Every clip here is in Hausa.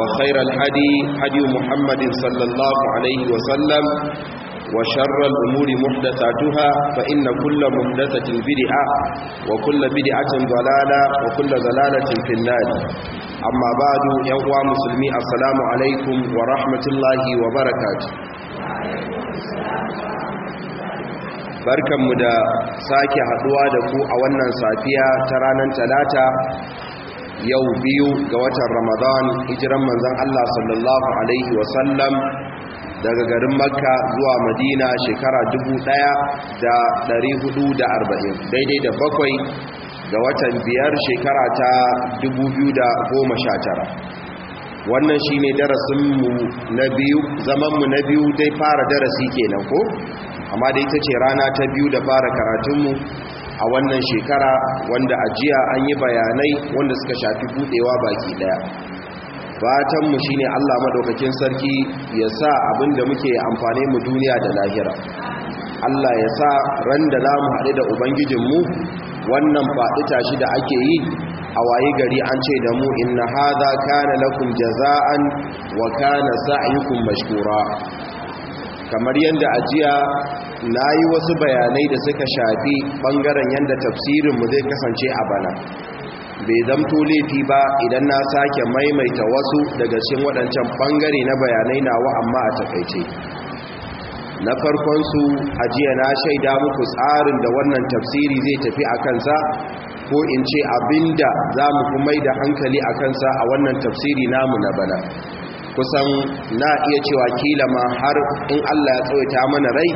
وخير الهدي هدي محمد صلى الله عليه وسلم وشر الأمور محدثاتها فإن كل محدثة بدعة وكل بدعة ضلالة وكل ضلالة في النار أما بعد يوم مسلمي السلام عليكم ورحمة الله وبركاته barkanmu da sake haduwa da ku a wannan safiya ta ranar talata yau biyu ga watan ramadan hijiran manzan Allah sallallahu alaihi wasallam daga garin makka zuwa madina shekara 1440 daidai da bakwai ga watan biyar shekara ta 2019 wannan shi ne darasinmu na biyu zamanmu na biyu dai fara darasi kenan ko amma da ita ce rana ta biyu da fara karatunmu a wannan shekara wanda a jiya an yi bayanai wanda suka shafi budewa baki daya fatanmu shine Allah madaukakin sarki ya sa abinda muke amfani mu duniya da lahira Allah ya sa ran da za mu haɗu da ubangijinmu wannan faɗita tashi da ake yi a waye gari an ce da mu inna hadha kana lakum jaza'an wa kana sa'ikum mashkura kamar yadda ajiya na yi wasu bayanai da suka shafi ɓangaren yadda tafsirinmu zai kasance a bana bai zamto laifi ba idan na sake maimaita wasu daga cikin waɗancan ɓangare na bayanai nawa amma a takaice na farkonsu ajiya na shaida muku tsarin da wannan tafsiri zai tafi a kansa ko in ce abinda za mu kuma da hankali a kansa a wannan tafsiri namu na bana kusan na iya cewa kila ma har in Allah ya tsawaita mana rai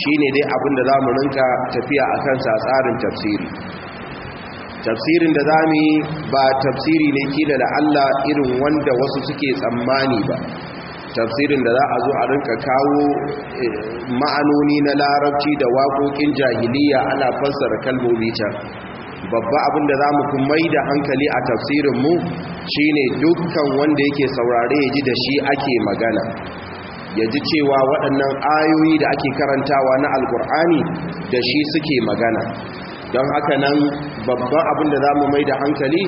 shine dai abin da zamu rinka tafiya a akan sa tsarin tafsiri tafsirin da zamu yi ba tafsiri ne kila da Allah irin wanda wasu suke tsammani ba tafsirin da za a zo a rinka kawo eh, ma'anoni na larabci da waƙoƙin jahiliya ana fassara kalmomi can babba abin da za mu kuma mai da hankali a tafsirinmu shi ne dukkan wanda yake saurare ya ji da shi ake magana ya ji cewa waɗannan ayoyi da ake karantawa na alkur'ani da shi suke magana don haka nan babban abin da za mu mai da hankali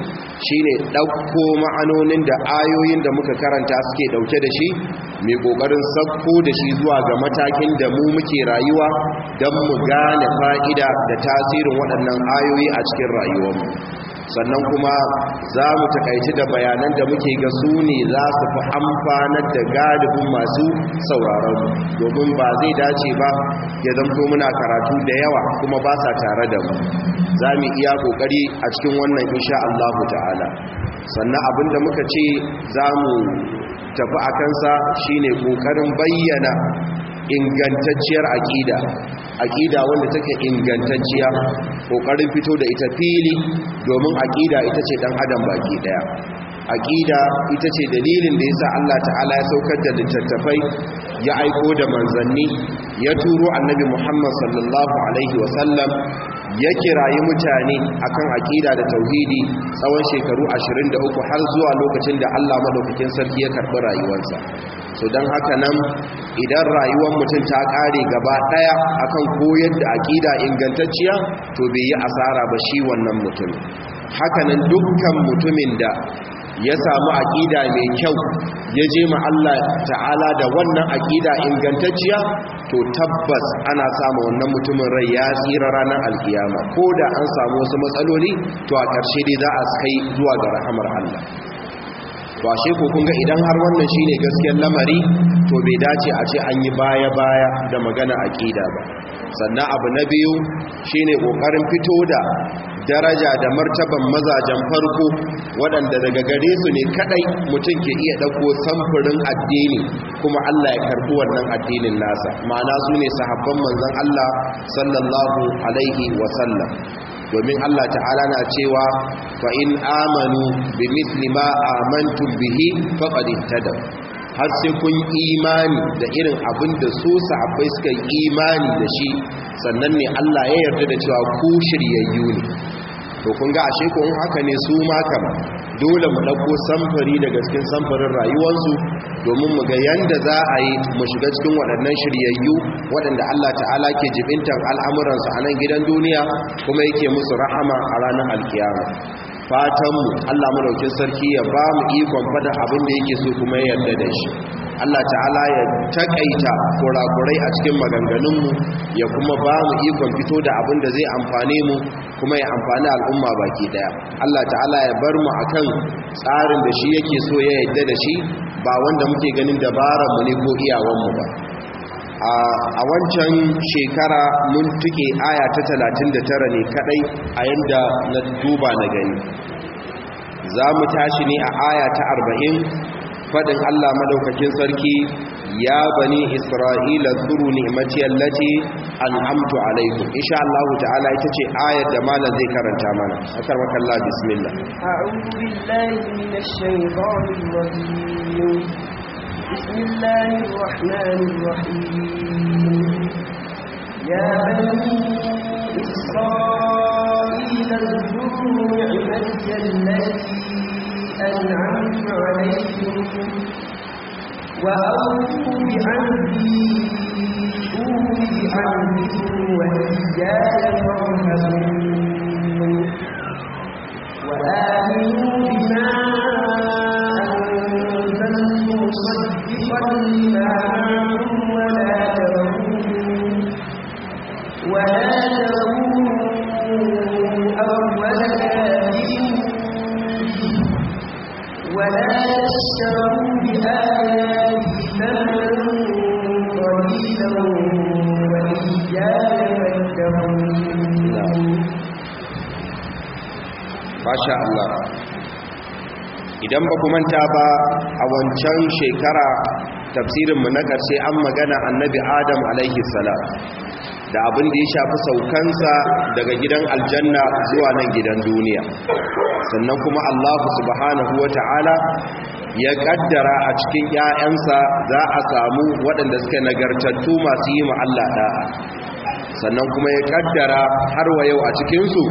shine ɗauko ma'anonin da ayoyin da muka karanta suke ɗauke da shi mai ƙoƙarin sabko da shi zuwa ga matakin da mu muke rayuwa don mu gane fa'ida da tasirin waɗannan ayoyi a cikin rayuwarmu sannan kuma za mu takaici da bayanan da muke ga su ne za su fi amfanar da galibin masu sauraron domin ba zai dace ba ya zamto muna karatu da yawa kuma ba sa tare da mu za mu iya kokari a cikin wannan insha Allah ta'ala sannan abin da muka ce za mu tafi a kansa shine kokarin bayyana ingantacciyar aƙida aƙida wanda take ingantacciya ƙoƙarin fito da ita fili domin aƙida ita ce ɗan adam baki ɗaya aƙida ita ce dalilin da yasa Allah ta'ala ya saukar da littattafai ya aiko da manzanni ya turo annabi Muhammad sallallahu alaihi wasallam ya kirayi mutane akan akida da tauhidi tsawon shekaru 23 har zuwa lokacin da Allah madaukakin sarki ya karɓi rayuwarsa so don haka nan idan rayuwar mutum ta ƙare gaba ɗaya akan koyar da akida ingantacciya to bai yi asara ba shi wannan mutum hakanan dukkan mutumin da ya samu aƙida mai kyau ya je ma Allah ta'ala da wannan aƙida ingantacciya to tabbas ana samu wannan mutumin rai ya tsira ranar alkiyama ko da an samu wasu matsaloli to a ƙarshe dai za a kai zuwa ga rahamar Allah to ashe ku kun idan har wannan shine gaskiyar lamari to bai dace a ce an yi baya baya da magana aƙida ba sannan abu na biyu shine kokarin fito da daraja da martaban mazajen farko waɗanda daga gare su ne kaɗai mutum ke iya ɗauko samfurin addini kuma Allah ya karbi wannan addinin nasa ma'ana su ne sahabban manzon Allah sallallahu alaihi wa domin Allah ta'ala na cewa fa in amanu bi mithli ma amantum bihi faqad ihtadaw har sai kun imani da irin abin da su sahabbai suka imani da shi sannan ne Allah ya yarda da cewa ku shiryayyu ne to kun ga ashe ko in haka ne su ma kama dole mu ɗauko samfari daga cikin samfarin rayuwarsu domin mu ga yanda za a yi mu shiga cikin waɗannan shiryayyu waɗanda Allah ta'ala ke jibintan al'amuransu a nan gidan duniya kuma yake musu rahama a ranar alkiyama fatanmu Allah madaukin sarki ya ba mu ikon faɗan abin da yake so kuma ya yarda da shi Allah ta'ala ya takaita kurakurai a cikin maganganunmu ya kuma ba mu ikon fito da abin da zai amfane mu kuma ya amfani al'umma baki daya Allah ta'ala ya bar mu akan tsarin da shi yake so ya yadda da shi ba wanda muke ganin mu ne ko iyawanmu ba a wancan shekara mun tuke aya ta 39 ne kadai a yanda na duba na gani za mu tashi ne a aya ta arba'in. fadin Allah madaukakin sarki ya bani Isra'ila zuru ni'mati allati an'amtu alaikum insha Allah ta'ala ita ce ayar da malam zai karanta mana akar makalla bismillah a'udhu billahi minash shaitanir rajim bismillahir rahmanir rahim ya bani Isra'ila zuru ni'mati allati أنعمت عليكم وأوفوا بعهدي أوفي بعهدكم وإياي فارهبون وآمنوا بما idan ba ku manta ba a wancan shekara tafsirinmu na ƙarshe an magana annabi adam alaihi salam da abin da ya shafi saukansa daga gidan aljanna zuwa nan gidan duniya sannan kuma allahu subhanahu wa ta'ala ya kaddara a cikin 'ya'yansa za a samu waɗanda suka nagartattu masu yi ma'alla ɗa'a sannan kuma ya kaddara har wa yau a cikinsu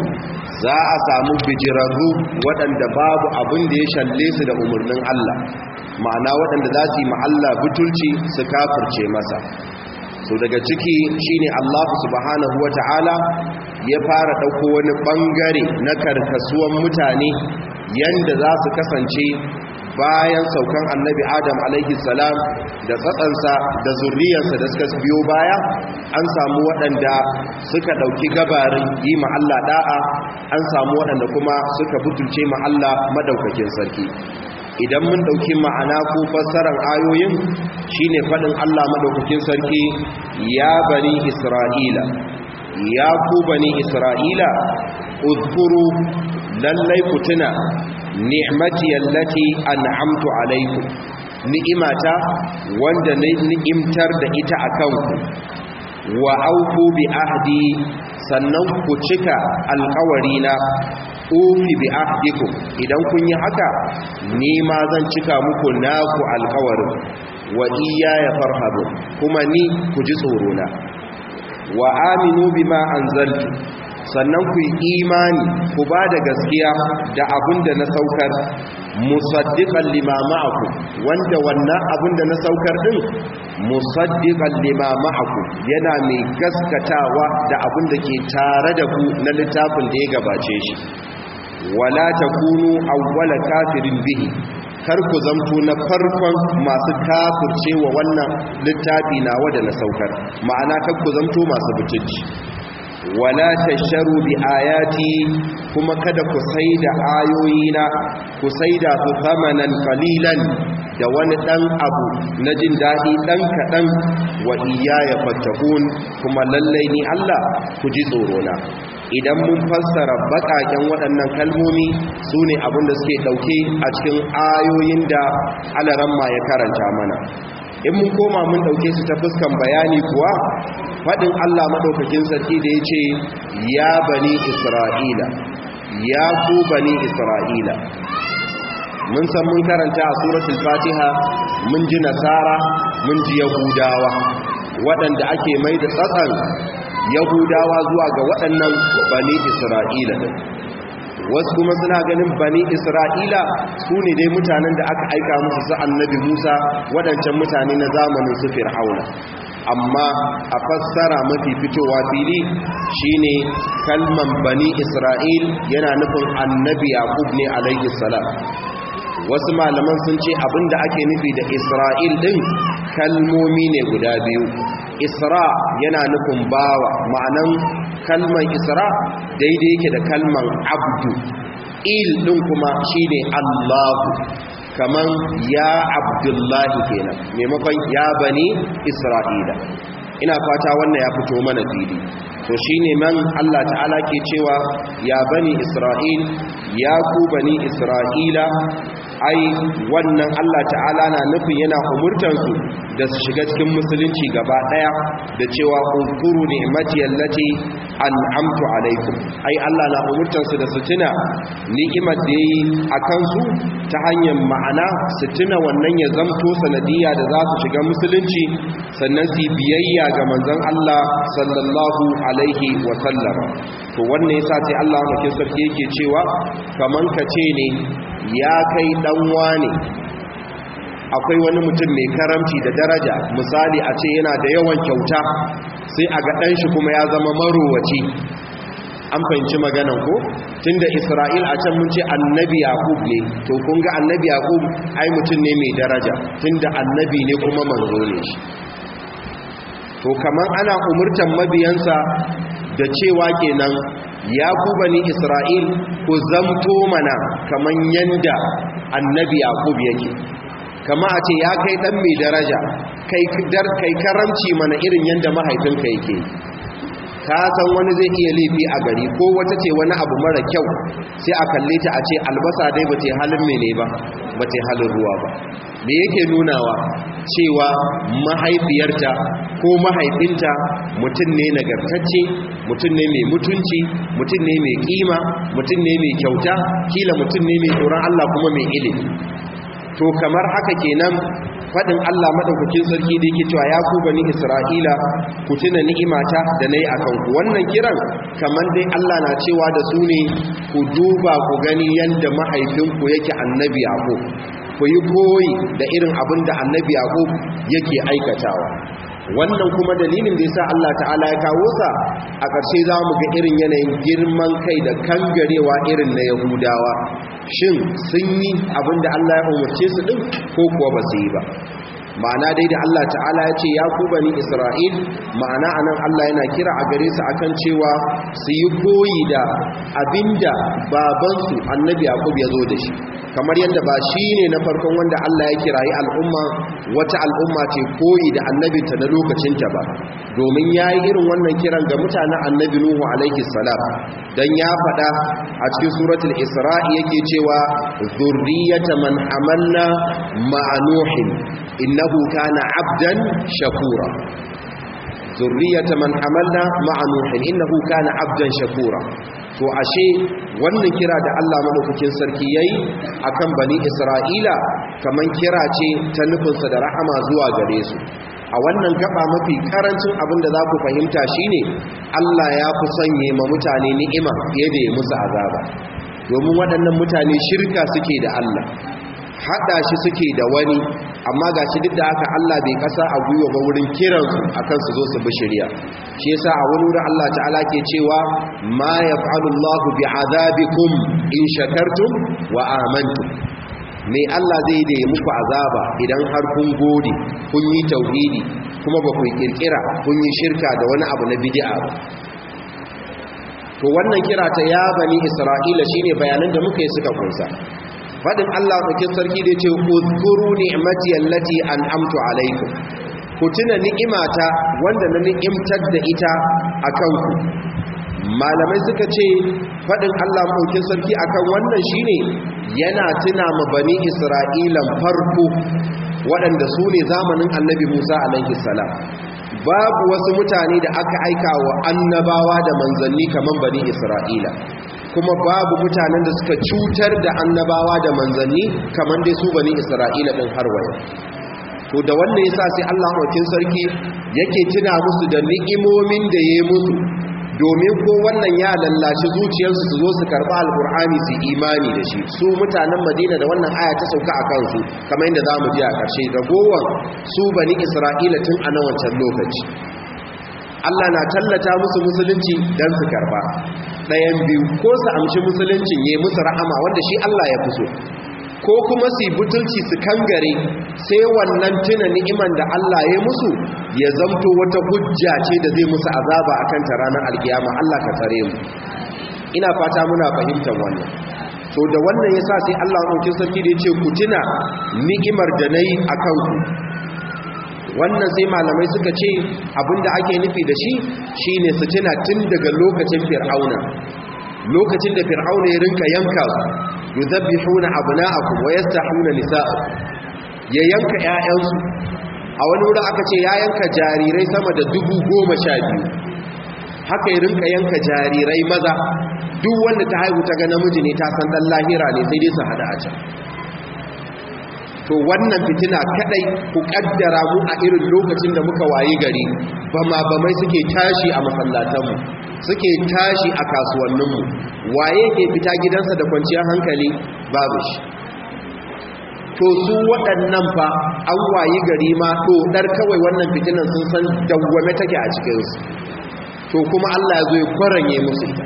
za a samu bijirarru waɗanda babu abin da ya shalle su da umarnin Allah ma'ana waɗanda za su yi ma'alla butulci su kafirce masa so daga ciki shine Allah subhanahu Ta'ala ya fara ɗauko wani ɓangare na karkasuwan mutane yadda za su kasance bayan saukan annabi adam alaihi salam da tsatsansa da zurriyarsa da suka biyo baya an samu waɗanda suka ɗauki gabarin yi ma'alla Allah da'a an samu waɗanda kuma suka butulce ma Allah madaukakin sarki idan mun ɗauki ma'ana ko fassarar ayoyin shi ne faɗin Allah madaukakin sarki ya bani isra'ila ya ku bani isra'ila uzkuru lallai ku tuna ni'mati allati an'amtu alaikum ni'imata wanda na ni'imtar da ita akan ku wa auku bi ahdi sannan ku cika alkawarina ufi bi ahdikum idan kun yi haka ni ma zan cika muku naku alkawarin wa ya farhabu kuma ni ku ji tsorona wa aminu bima anzalti. sannan ku imani ku ba da gaskiya da abin da na saukar musaddiqan lima ma'akum wanda wannan abin na saukar ɗin musaddiqan lima ma'akum yana mai gaskatawa da abin ke tare da ku na littafin da ya gabace shi wala takunu awwala kafirin bihi kar ku zamto na farkon masu kafircewa wannan littafi nawa da na saukar ma'ana kar ku zamto masu butulci wala tasharu bi ayati kuma kada ku saida ayoyina ku saida ku thamanan qalilan da wani dan abu na jin dadi dan kadan wa iyaya fatakun, kuma lallai ni Allah ku ji tsoro na idan mun fassara bakaken waɗannan kalmomi su ne abinda suke ɗauke a cikin ayoyin da alaramma ya karanta mana in mun koma mun dauke su ta fuskan bayani kuwa fadin Allah madaukakin sarki da yace ya bani isra'ila ya ku bani isra'ila mun san mun karanta a suratul fatiha mun ji nasara mun ji yahudawa waɗanda ake mai da tsatsan yahudawa zuwa ga waɗannan bani isra'ila din wasu kuma suna ganin bani isra'ila su ne dai mutanen da aka aika musu su annabi musa waɗancan mutane na zamanin su fir'auna amma a fassara mafi fitowa fili shine kalman bani isra'il yana nufin annabi yaqub ne alaihi salam wasu malaman sun ce abin da ake nufi da isra'il ɗin kalmomi ne guda biyu isra yana nufin bawa ma'anan kalman isra daidai yake da kalman abdu il din kuma ne allahu Kamar ya abdullahi kenan maimakon ya bani isra'ila ina fata wannan ya fito mana fili to shi ne man Allah ta'ala ke cewa ya bani isra'il ya ku bani isra'ila ai wannan Allah ta'ala na nufin yana umurtansu da su shiga cikin musulunci gaba daya da cewa ne unkuru ni'mati an amtu alaikum ai Allah na umurtansu da su tuna ni'imar da yayi akan su ta hanyar ma'ana su tuna wannan ya zamto sanadiyya da za su shiga musulunci sannan su biyayya ga manzon Allah sallallahu alaihi wa sallama to wannan yasa sai Allah mafi sarki yake cewa kaman kace ne ya kai danwa ne akwai wani mutum mai karamci da daraja misali a ce yana da yawan kyauta sai a ga ɗanshi kuma ya zama marowaci an fahimci maganan ko tun da isra'il a can munce annabi Yaqub ne to kun ga annabi Yaqub ai mutum ne mai daraja tun da annabi ne kuma manzo ne shi to kamar ana umurtan mabiyansa da cewa kenan ya ku bani isra'il ku zamto mana kaman yadda annabi yaqub yake kama a ce ya kai dan mai daraja kai karamci mana irin yadda mahaifinka yake ka san wani zai iya laifi a gari ko wata ce wani abu mara kyau sai a kalle ta a ce albasa dai ba ce halin mene ba ba ce halin ruwa ba me yake nunawa cewa mahaifiyarta ko mahaifinta mutum ne nagartacce mutum ne mai mutunci mutum ne mai kima mutum ne mai kyauta kila mutum ne mai tsoron Allah kuma mai ilimi to kamar haka kenan faɗin Allah madaukakin sarki da yake cewa ya ku bani Isra'ila ku tuna ni'imata da nayi a kanku. wannan kiran kamar dai Allah na cewa da su ne ku duba ku gani yanda mahaifinku yake annabi Yaqub ku yi koyi da irin abin da annabi Yaqub yake aikatawa wannan kuma dalilin da yasa Allah ta'ala ya kawo sa a ƙarshe za mu ga irin yanayin girman kai da kangarewa irin na yahudawa shin sun yi abinda Allah ya umarce su din ko kuwa ba su yi ba ma'ana dai da Allah ta'ala ya ce ya ku bani Isra'il ma'ana anan Allah yana kira a gare su akan cewa su yi koyi da abinda babansu annabi yakub ya zo da shi kamar yadda ba shi ne na farkon wanda Allah ya kirayi al'umma wata al'umma ce koyi da annabinta na lokacinta ba domin ya yi irin wannan kiran ga mutanen annabi Nuhu alaihi salam don ya faɗa a cikin suratul Isra'i yake cewa zurriyata man amanna inna إنه كان عبدا شكورا ذرية من حملنا مع نوح إنه كان عبدا شكورا to ashe wannan kira da Allah madaukakin sarki yayi akan bani Isra'ila kaman kira ce ta nufinsa da rahama zuwa gare su a wannan gaba mafi karancin abin da za ku fahimta shine Allah ya fi sanye ma mutane ni'ima fiye da ya musu azaba domin waɗannan mutane shirka suke da Allah hada shi suke da wani amma ga shi duk da haka Allah bai kasa a gwiwa ba wurin kiransu akan su zo su bi shari'a shi yasa a wani wurin Allah ta'ala ke cewa ma yaf'alu Allahu bi'adabikum in shakartum wa amantum me Allah zai da muku azaba idan har kun gode kun yi tauhidi kuma ba ku kirkira kun yi shirka da wani abu na bid'a ba to wannan kira ta ya bani isra'ila shine bayanan da muka yi suka kunsa Faɗin Allah dauke sarki da yace uzkuru ni'mati an an'amtu alaikum ku tuna ni'imata wanda na ni'imtar da ita a kanku." malamai suka ce faɗin Allah dauke sarki akan wannan shine yana tuna ma bani isra'ilan farko waɗanda su ne zamanin annabi Musa alaihi salam babu wasu mutane da aka aika wa annabawa da manzanni kamar bani isra'ila kuma babu mutanen da suka cutar da annabawa da manzanni kamar dai su bani isra'ila ɗin har to da wannan yasa sai Allah mawakin sarki yake tuna musu da ni'imomin da ya yi musu domin ko wannan ya lallaci zuciyarsu su zo su karɓi alkur'ani su imani da shi su mutanen madina da wannan aya ta sauka a kansu kamar yadda za mu ji a ƙarshe ragowar su bani isra'ila tun a na wancan lokaci Allah na tallata musu musulunci don su karba ɗayan biyu ko su amshi musulunci ya musu rahama wanda shi Allah ya fuso ko kuma su butulci su kangare sai wannan tuna ni'iman da Allah ya musu ya zamto wata hujja ce da zai musu azaba a kanta ranar alkiyama Allah ka tsare mu ina fata muna fahimtar wannan so da wannan yasa sai Allah ɗauki sarki da ya ce ku tuna ni'imar da na yi a kanku wannan sai malamai suka ce abinda ake nufi da shi shine su tuna tun daga lokacin fir'auna lokacin da fir'auna ya rinka yanka su abna'akum wa yastahuna nisa, ya yanka 'ya'yansu. a wani wuri aka ce ya yanka jarirai sama da dubu goma sha biyu haka ya rinka yanka jarirai maza duk wanda ta haihu ta ga namiji ne ta san dan lahira ne sai dai su hada a can to wannan fitina kadai ku kaddara mu a irin lokacin da muka wayi gari ba ba bamai suke tashi a masallatanmu suke tashi a kasuwanninmu waye ke fita gidansa da kwanciyar hankali babu shi to su waɗannan fa an wayi gari ma to dar kawai wannan fitinan sun san dawwame take a cikinsu to kuma Allah ya zo ya kwaranye musu ita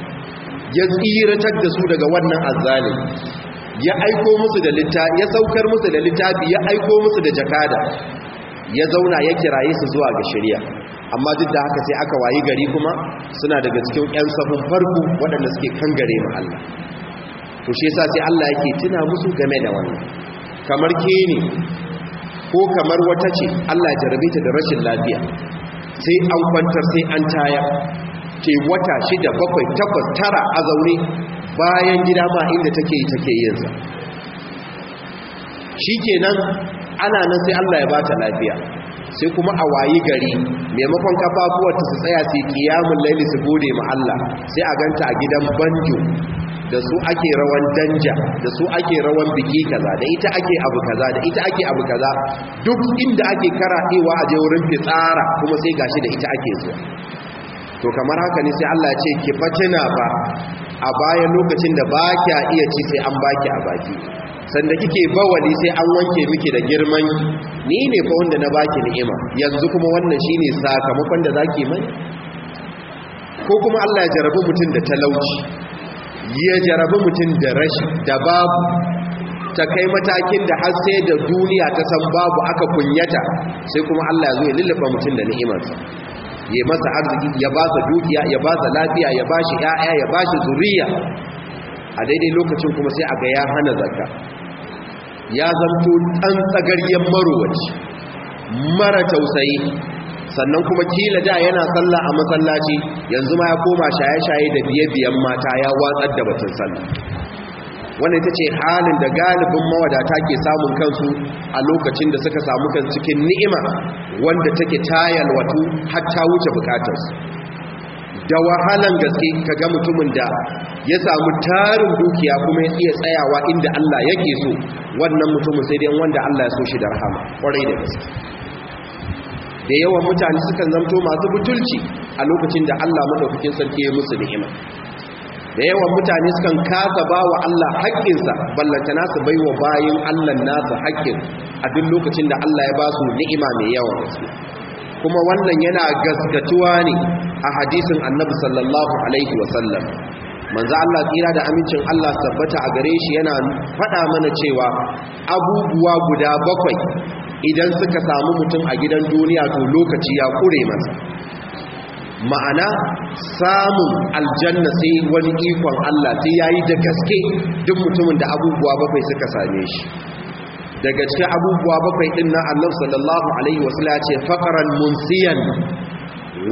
ya tsiratar da su daga wannan azzalimi ya aiko musu da littafi ya saukar musu da littafi ya aiko musu da jakada ya zauna ya kiraye su zuwa ga shari'a amma duk da haka sai aka wayi gari kuma suna daga cikin ƴan sabon farko waɗanda suke kan gare mu Allah to shi yasa sai Allah yake tuna musu game da wannan kamar ke ne ko kamar wata ce Allah ya jarabe ta da rashin lafiya sai an kwantar sai an taya ce wata shida bakwai takwas tara a zaune bayan gida ba inda take yi take yinsa nan ana nan sai Allah ya ba ta lafiya sai kuma a wayi gari maimakon kafafuwarta su tsaya su kiyamun laili su gode ma Allah sai a ganta a gidan banjo da su ake rawan danja da su ake rawan biki kaza da ita ake abu kaza da ita ake abu kaza duk inda ake karaɗewa a je wurin fitsara kuma sai gashi da ita ake zuwa to kamar haka ne sai Allah ya ce ki fatina ba a bayan lokacin da ba kya iya ci sai an baki a baki sanda kike bawali sai an wanke miki da girman ni ne fa wanda na baki ni'ima yanzu kuma wannan shine sakamakon da zaki mani ko kuma Allah ya jarabi mutum da talauci ya jarabi mutum da rashi da babu ta kai matakin da har sai da duniya ta san babu aka kunyata sai kuma Allah ya zo ya lullufa mutum da ni'imarsa ya masa arziki ya ba sa dukiya ya ba sa lafiya ya ba shi 'ya'ya, ya ba shi zuriya a daidai lokacin kuma sai a ga ya hana zakka ya zanto ɗan tsagaryen marowaci mara tausayi sannan kuma kila da yana sallah a masallaci yanzu ma ya koma shaye-shaye da biye-biyen mata ya watsar da batun sallah wanda ita ce halin da galibin mawadata ke samun kansu a lokacin da suka samu kan cikin ni'ima wanda take tayal wato hatta wuce bukatarsu da wahalan gaske ka ga mutumin da ya samu tarin dukiya kuma ya iya tsayawa inda Allah yake so wannan mutumin sai dai wanda Allah ya so shi da rahama kwarai da gaske da yawan mutane sukan zamto masu butulci a lokacin da Allah madaukakin sarki ya musu ni'ima da yawan mutane sukan kasa ba wa Allah haƙƙinsa ballanta nasu bai wa bayin Allah nasu haƙƙin a duk lokacin da Allah ya ba su ni'ima mai yawa gaske kuma wannan yana gaskatuwa ne a hadisin annabi sallallahu alaihi sallam manzo Allah tsira da amincin Allah tabbata a gare shi yana faɗa mana cewa abubuwa guda bakwai idan suka samu mutum a gidan duniya to lokaci ya kure masa ma'ana samun aljanna sai wani ikon Allah sai yayi da gaske duk mutumin da abubuwa bakwai suka same shi daga cikin abubuwa bakwai din nan Allah sallallahu alaihi wasallam ce faqran munsiyan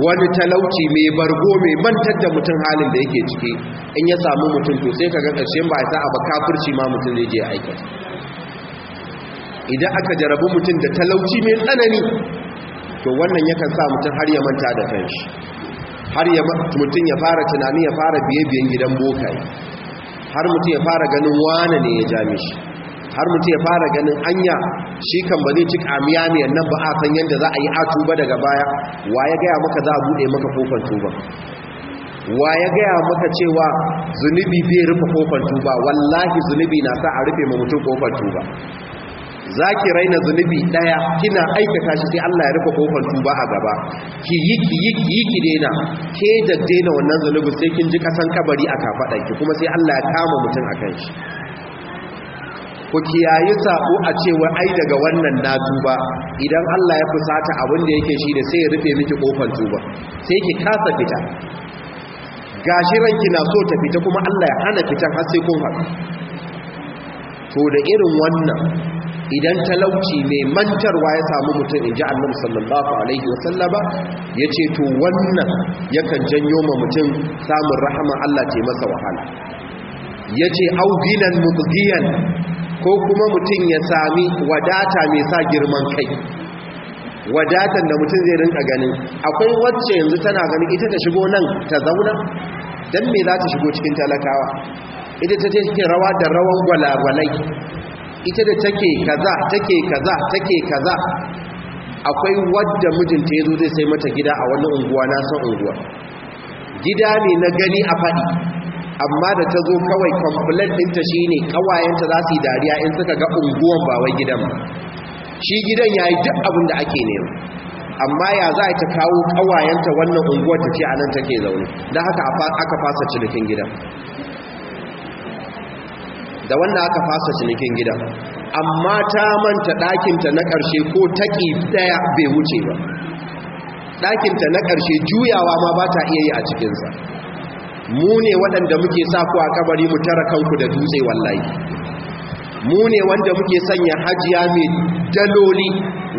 wani talauci mai bargo mai mantar da mutum halin da yake ciki in ya samu mutum to sai kaga karshen ba sa ba kafirci ma mutum zai je aikata idan aka jarabi mutum da talauci mai tsanani to wannan yakan sa mutum har ya manta da kanshi har mutum ya fara tunani ya fara biye-biyen gidan bokai har mutum ya fara ganin wane ne ya jami shi har mutum ya fara ganin anya shi kan ba zai cika ne nan ba a san yadda za a yi a tuba daga baya wa ya gaya maka za a buɗe maka kofar tuba wa ya gaya maka cewa zunubi bai rufe kofar tuba wallahi zunubi na sa a rufe ma mutum kofar tuba za ki raina zunubi ɗaya kina aikata shi sai Allah ya rufe kofar tuba a gaba ki yi ki yi ki yi ki daina ke da daina wannan zunubi sai kin ji kasan kabari a ki kuma sai Allah ya kama mutum a kan shi ku kiyayi sabo a cewa ai daga wannan na tuba idan Allah ya fusata abin da yake shi da sai ya rufe miki kofar tuba sai ki kasa fita gashi ranki na so ta fita kuma Allah ya hana fitan har sai kun haɗu to da irin wannan idan talauci mai mantarwa ya samu mutum in ji annabi sallallahu alaihi wasallama ya ce to wannan yakan janyo ma mutum samun rahama Allah ce masa wahala ya ce auginan mubgiyan ko kuma mutum ya sami wadata mai sa girman kai wadatan da mutum zai rinka ganin akwai wacce yanzu tana ganin ita ta shigo nan ta zauna don me za ta shigo cikin talakawa ita ta ce rawa da rawan gwalagwalai ita da take kaza take kaza take kaza akwai wadda mijinta ya zo zai sai mata gida a wani unguwa na san unguwa gida ne na gani a faɗi amma da ta zo kawai kwamfulan ɗinta shi ne ƙawayenta za su yi dariya in suka ga unguwan ba wai gidan ba shi gidan ya yi duk abin da ake nema amma ya za ta kawo ƙawayenta wannan unguwar ta ce a nan take zaune don haka aka fasa cinikin gidan da wanda aka fasa cinikin gidan amma ta manta ɗakinta na ƙarshe ko taƙi ɗaya bai wuce ba ɗakinta na ƙarshe juyawa ma ba ta iya yi a cikinsa mu ne waɗanda muke sa ku a kabari mu tara kanku da dutse wallahi mu ne wanda muke sanya hajiya mai daloli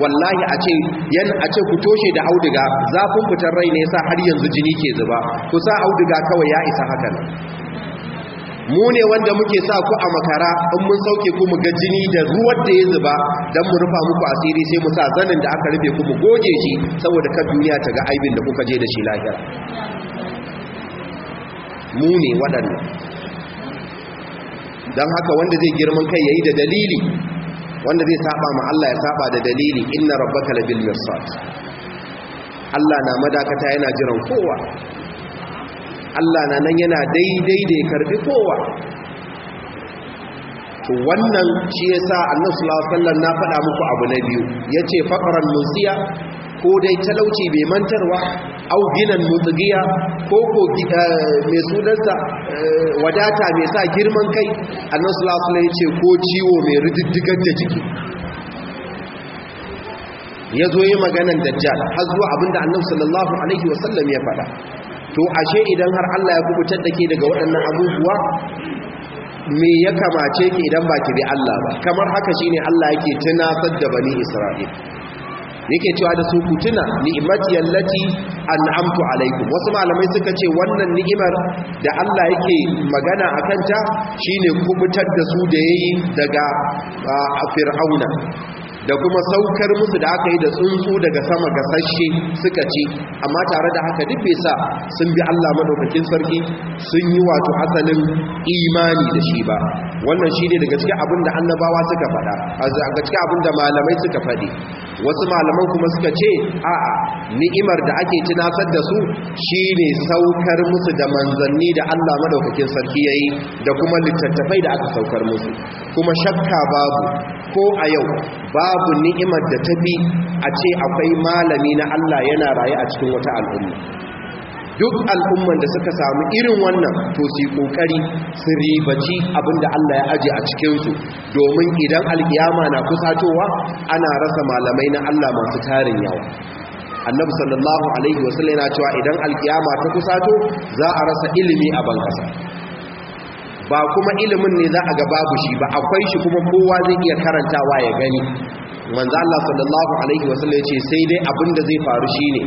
wallahi a ce yan a ce ku toshe da auduga zafin fitar rai ne yasa har yanzu jini ke zuba ku sa auduga kawai ya isa hakan mu ne wanda muke sa ku a makara in mun sauke ku mu ga jini da ruwan da ya zuba dan mu rufa muku asiri sai mu sa zanin da aka rufe ku mu goge shi saboda kan duniya ta ga aibin da kuka je da shi lahira mu ne waɗannan don haka wanda zai girman kai yayi da dalili wanda zai saba ma Allah ya saba da dalili inna rabbaka labil mirsad Allah na madakata yana jiran kowa Allah na nan yana daidai da ya karbi kowa wannan shi yasa annabi sallallahu alaihi na faɗa muku abu na biyu yace faqran musiya ko dai talauci bai mantarwa au ginan mutsugiya ko ko eh, mai sunansa eh, wadata mai sa girman kai annabi sallallahu alaihi yace ko ciwo mai rididdigar da jiki ya zo yi maganan dajjal har zuwa abinda annabi sallallahu alaihi wasallam ya faɗa to ashe idan har Allah ya kubutar da ke daga waɗannan abubuwa me ya kamace ki idan ba ki bi Allah ba kamar haka shine Allah yake tunasar da bani Isra'il yake cewa da su ku tuna ni'imati allati an'amtu alaikum wasu malamai suka ce wannan ni'imar da Allah yake magana akan ta shine kubutar da su da yayi daga fir'auna da kuma saukar musu da aka yi da tsuntsu daga sama ga sashe suka ci amma tare da haka duk bai sa sun bi Allah madaukakin sarki sun yi wato asalin imani da shi ba wannan shi ne daga cikin abin da annabawa suka faɗa daga cikin abin malamai suka faɗi wasu malaman kuma suka ce a'a ni'imar da ake tunasar da su shi ne saukar musu da manzanni da Allah madaukakin sarki ya yi da kuma littattafai da aka saukar musu kuma shakka babu ko a yau babu ni'imar da ta bi a ce akwai malami na Allah yana rayu a cikin wata al'umma duk al'umman da suka samu irin wannan to su kokari su ribaci abinda Allah ya aje a cikinsu domin idan alkiyama na kusatowa ana rasa malamai na Allah masu tarin yawa annabi sallallahu alaihi wasallam yana cewa idan alkiyama ta kusato za a rasa ilimi a bankasa ba kuma ilimin ne za a ga babu shi ba akwai shi kuma kowa zai iya karantawa ya gani manzo Allah sallallahu alaihi wasallam yace sai dai abin da zai faru shine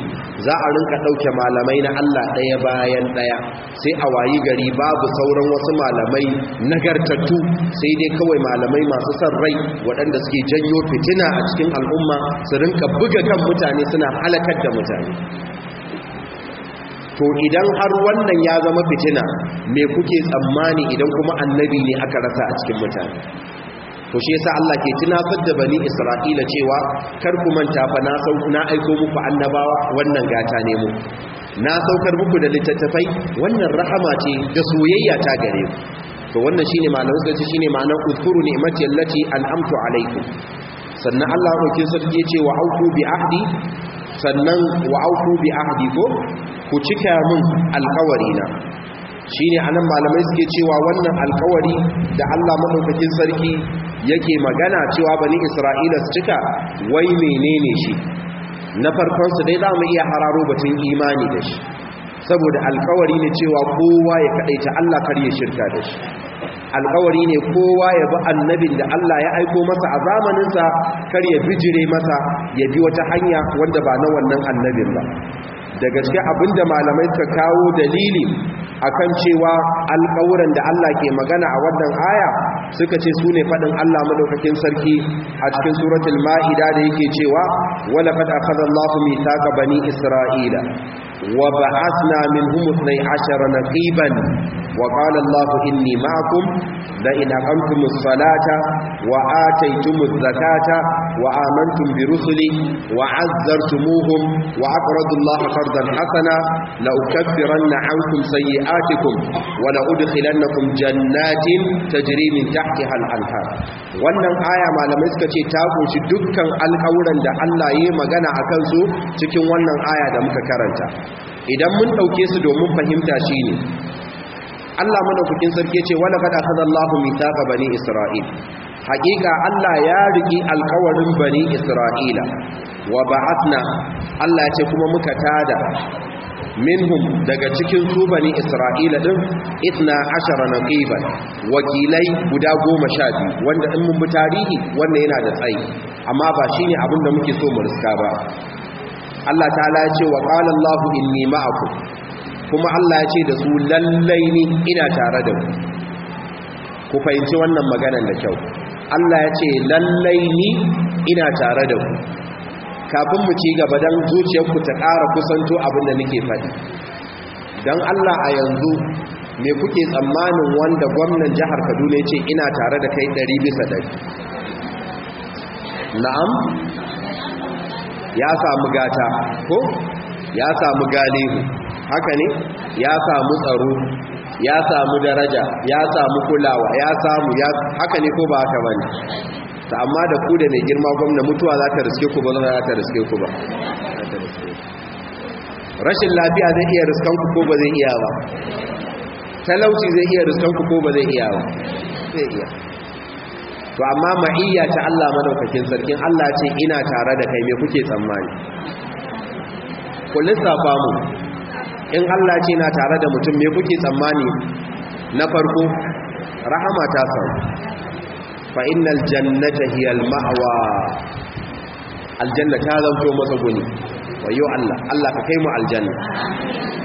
za a rinka dauke malamai na Allah daya bayan daya sai a wayi gari babu sauran wasu malamai nagartattu sai dai kawai malamai masu san rai waɗanda suke janyo fitina a cikin al'umma su rinka buga kan mutane suna halakar da mutane to idan har wannan ya zama fitina me kuke tsammani idan kuma annabi ne aka rasa a cikin mutane to shi yasa Allah ke tunatar da bani Isra'ila cewa kar ku manta fa na sauku na aiko muku annabawa wannan gata ne mu na saukar muku da littattafai wannan rahama ce da soyayya ta gare ku to wannan shine malamu sai shine ma'anar uzkuru ni'mati allati an'amtu alaikum sannan Allah roke sarki ce wa auku bi ahdi sannan wa auku bi ahdi ko ku cika min alkawari na shine anan malamai suke cewa wannan alkawari da Allah madaukakin sarki yake magana cewa bani Isra'ila su cika wai menene shi na farkon su dai za mu iya hararo batun imani da shi saboda alkawari ne cewa kowa ya kadaita Allah kar ya shirka da shi alkawari ne kowa ya bi annabin da Allah ya aiko masa a zamaninsa kar ya bijire masa ya bi wata hanya wanda ba na wannan annabin ba da gaske abinda malamai suka kawo dalili akan cewa alƙawuran da Allah ke magana a wannan aya suka ce su ne faɗin Allah madaukakin sarki a cikin suratul ma'ida da yake cewa wala qad akhadha Allahu mithaqa bani isra'ila وبعثنا منهم اثني عشر نقيبا وقال الله إني معكم لئن أقمتم الصلاة وآتيتم الزكاة وآمنتم برسلي وعذرتموهم وأقرضوا الله قرضا حسنا لأكفرن عنكم سيئاتكم ولأدخلنكم جنات تجري من تحتها الأنهار wannan aya malamai suka ce ta kunshi dukkan alƙawuran da Allah ya magana akan su cikin wannan aya da muka karanta idan mun ɗauke su domin fahimta shi ne Allah madaukakin sarki ce wala kada akhadha Allahu mithaqa bani Isra'il haqiqa Allah ya riki alƙawarin bani Isra'ila wa ba'athna Allah ya ce kuma muka tada minhum daga cikin su bani Isra'ila din itna ashara naqiban wakilai guda 12 wanda in mun bi tarihi wannan yana da tsayi amma ba shine abin da muke so mu riska ba Allah ta'ala ya ce wa in Allahu nema aku. kuma Allah ya ce da su lallai ni ina tare da ku ku fahimci wannan maganar da kyau Allah ya ce lallai ni ina tare da ku kafin mu ci gaba dan zuciyarku ta ƙara kusanto abin da nake faɗi Don Allah a yanzu me kuke tsammanin wanda gwamnan jihar Kaduna ya ce ina tare da kai ɗari bisa ɗari na'am ya samu gata ko ya samu galihu haka ne ya samu tsaro ya samu daraja ya samu kulawa ya samu ya haka ne ko ba haka bane ta amma da ku da mai girma gwamna mutuwa za ta riske ku ba za ta riske ku ba rashin lafiya zai iya riskan ku ko ba zai iya ba talauci zai iya riskan ku ko ba zai iya ba zai iya to amma ma'iyya ta Allah madaukakin sarkin Allah ce ina tare da kai me kuke tsammani ku lissafa mu in Allah ce na tare da mutum me kuke tsammani na farko rahama ta san, fa innal jannata hiya al-ma'wa aljanna ta zanto masa guni wayo Allah Allah ka kai mu aljanna